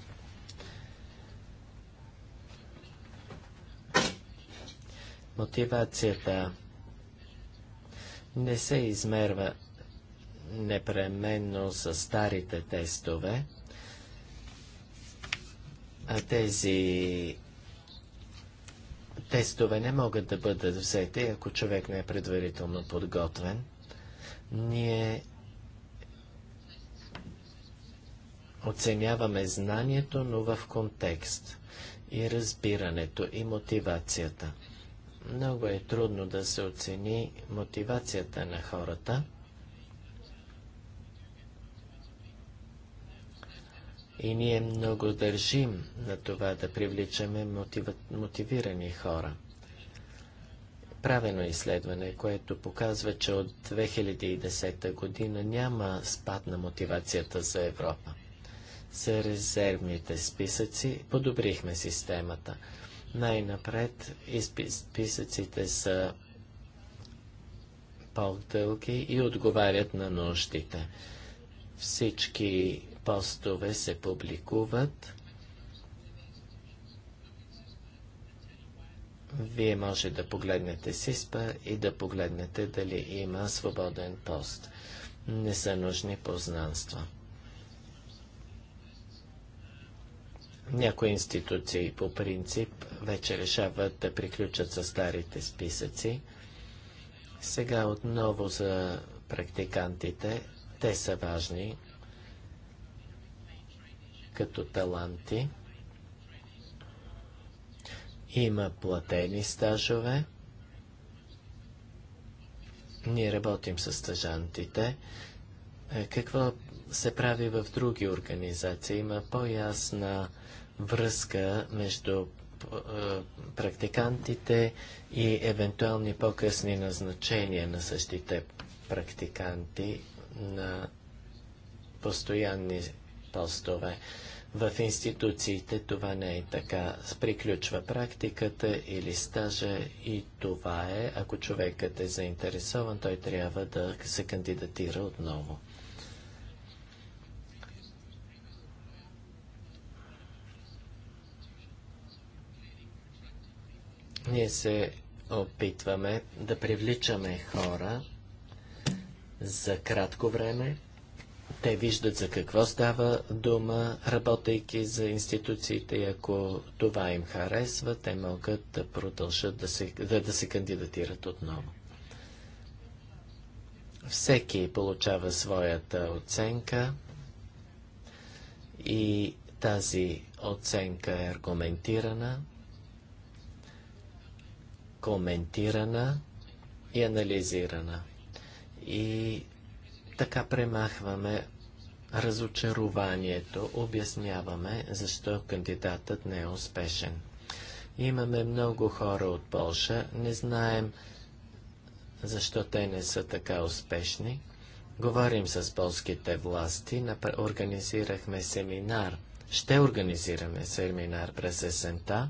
Мотивацията не се измерва непременно с старите тестове, а тези тестове не могат да бъдат взети, ако човек не е предварително подготвен. Ние оценяваме знанието, но в контекст и разбирането и мотивацията. Много е трудно да се оцени мотивацията на хората – И ние много държим на това да привличаме мотива... мотивирани хора. Правено изследване, което показва, че от 2010 година няма спад на мотивацията за Европа. За резервните списъци подобрихме системата. Най-напред списъците са по-дълги и отговарят на нуждите. Всички постове се публикуват. Вие може да погледнете СИСПА и да погледнете дали има свободен пост. Не са нужни познанства. Някои институции по принцип вече решават да приключат със старите списъци. Сега отново за практикантите. Те са важни като таланти. Има платени стажове. Ние работим с стажантите. Е, какво се прави в други организации? Има по-ясна връзка между е, практикантите и евентуални по-късни назначения на същите практиканти на постоянни постове. В институциите това не е така. Приключва практиката или стажа и това е, ако човекът е заинтересован, той трябва да се кандидатира отново. Ние се опитваме да привличаме хора за кратко време, те виждат за какво става дума, работейки за институциите и ако това им харесва, те могат да продължат да се, да, да се кандидатират отново. Всеки получава своята оценка и тази оценка е аргументирана, коментирана и анализирана. И така премахваме разочарованието, обясняваме защо кандидатът не е успешен. Имаме много хора от Польша, не знаем защо те не са така успешни. Говорим с полските власти, организирахме семинар. Ще организираме семинар през есента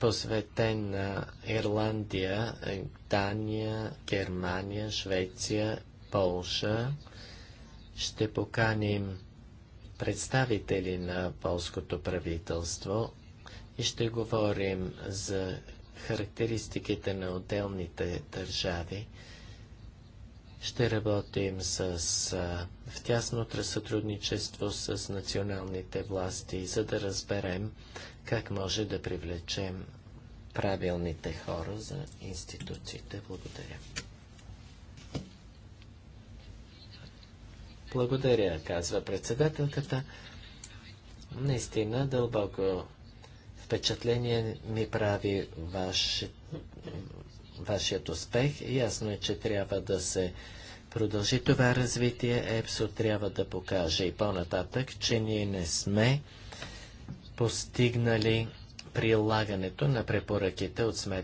посветен на Ирландия, Дания, Германия, Швеция, Полша. Ще поканим представители на полското правителство и ще говорим за характеристиките на отделните държави. Ще работим с, в тясно сътрудничество с националните власти, за да разберем как може да привлечем правилните хора за институциите. Благодаря. Благодаря, казва председателката. Наистина дълбоко впечатление ми прави ваш, вашият успех. Ясно е, че трябва да се продължи това развитие. ЕПСО трябва да покаже и по-нататък, че ние не сме постигнали прилагането на препоръките от сметната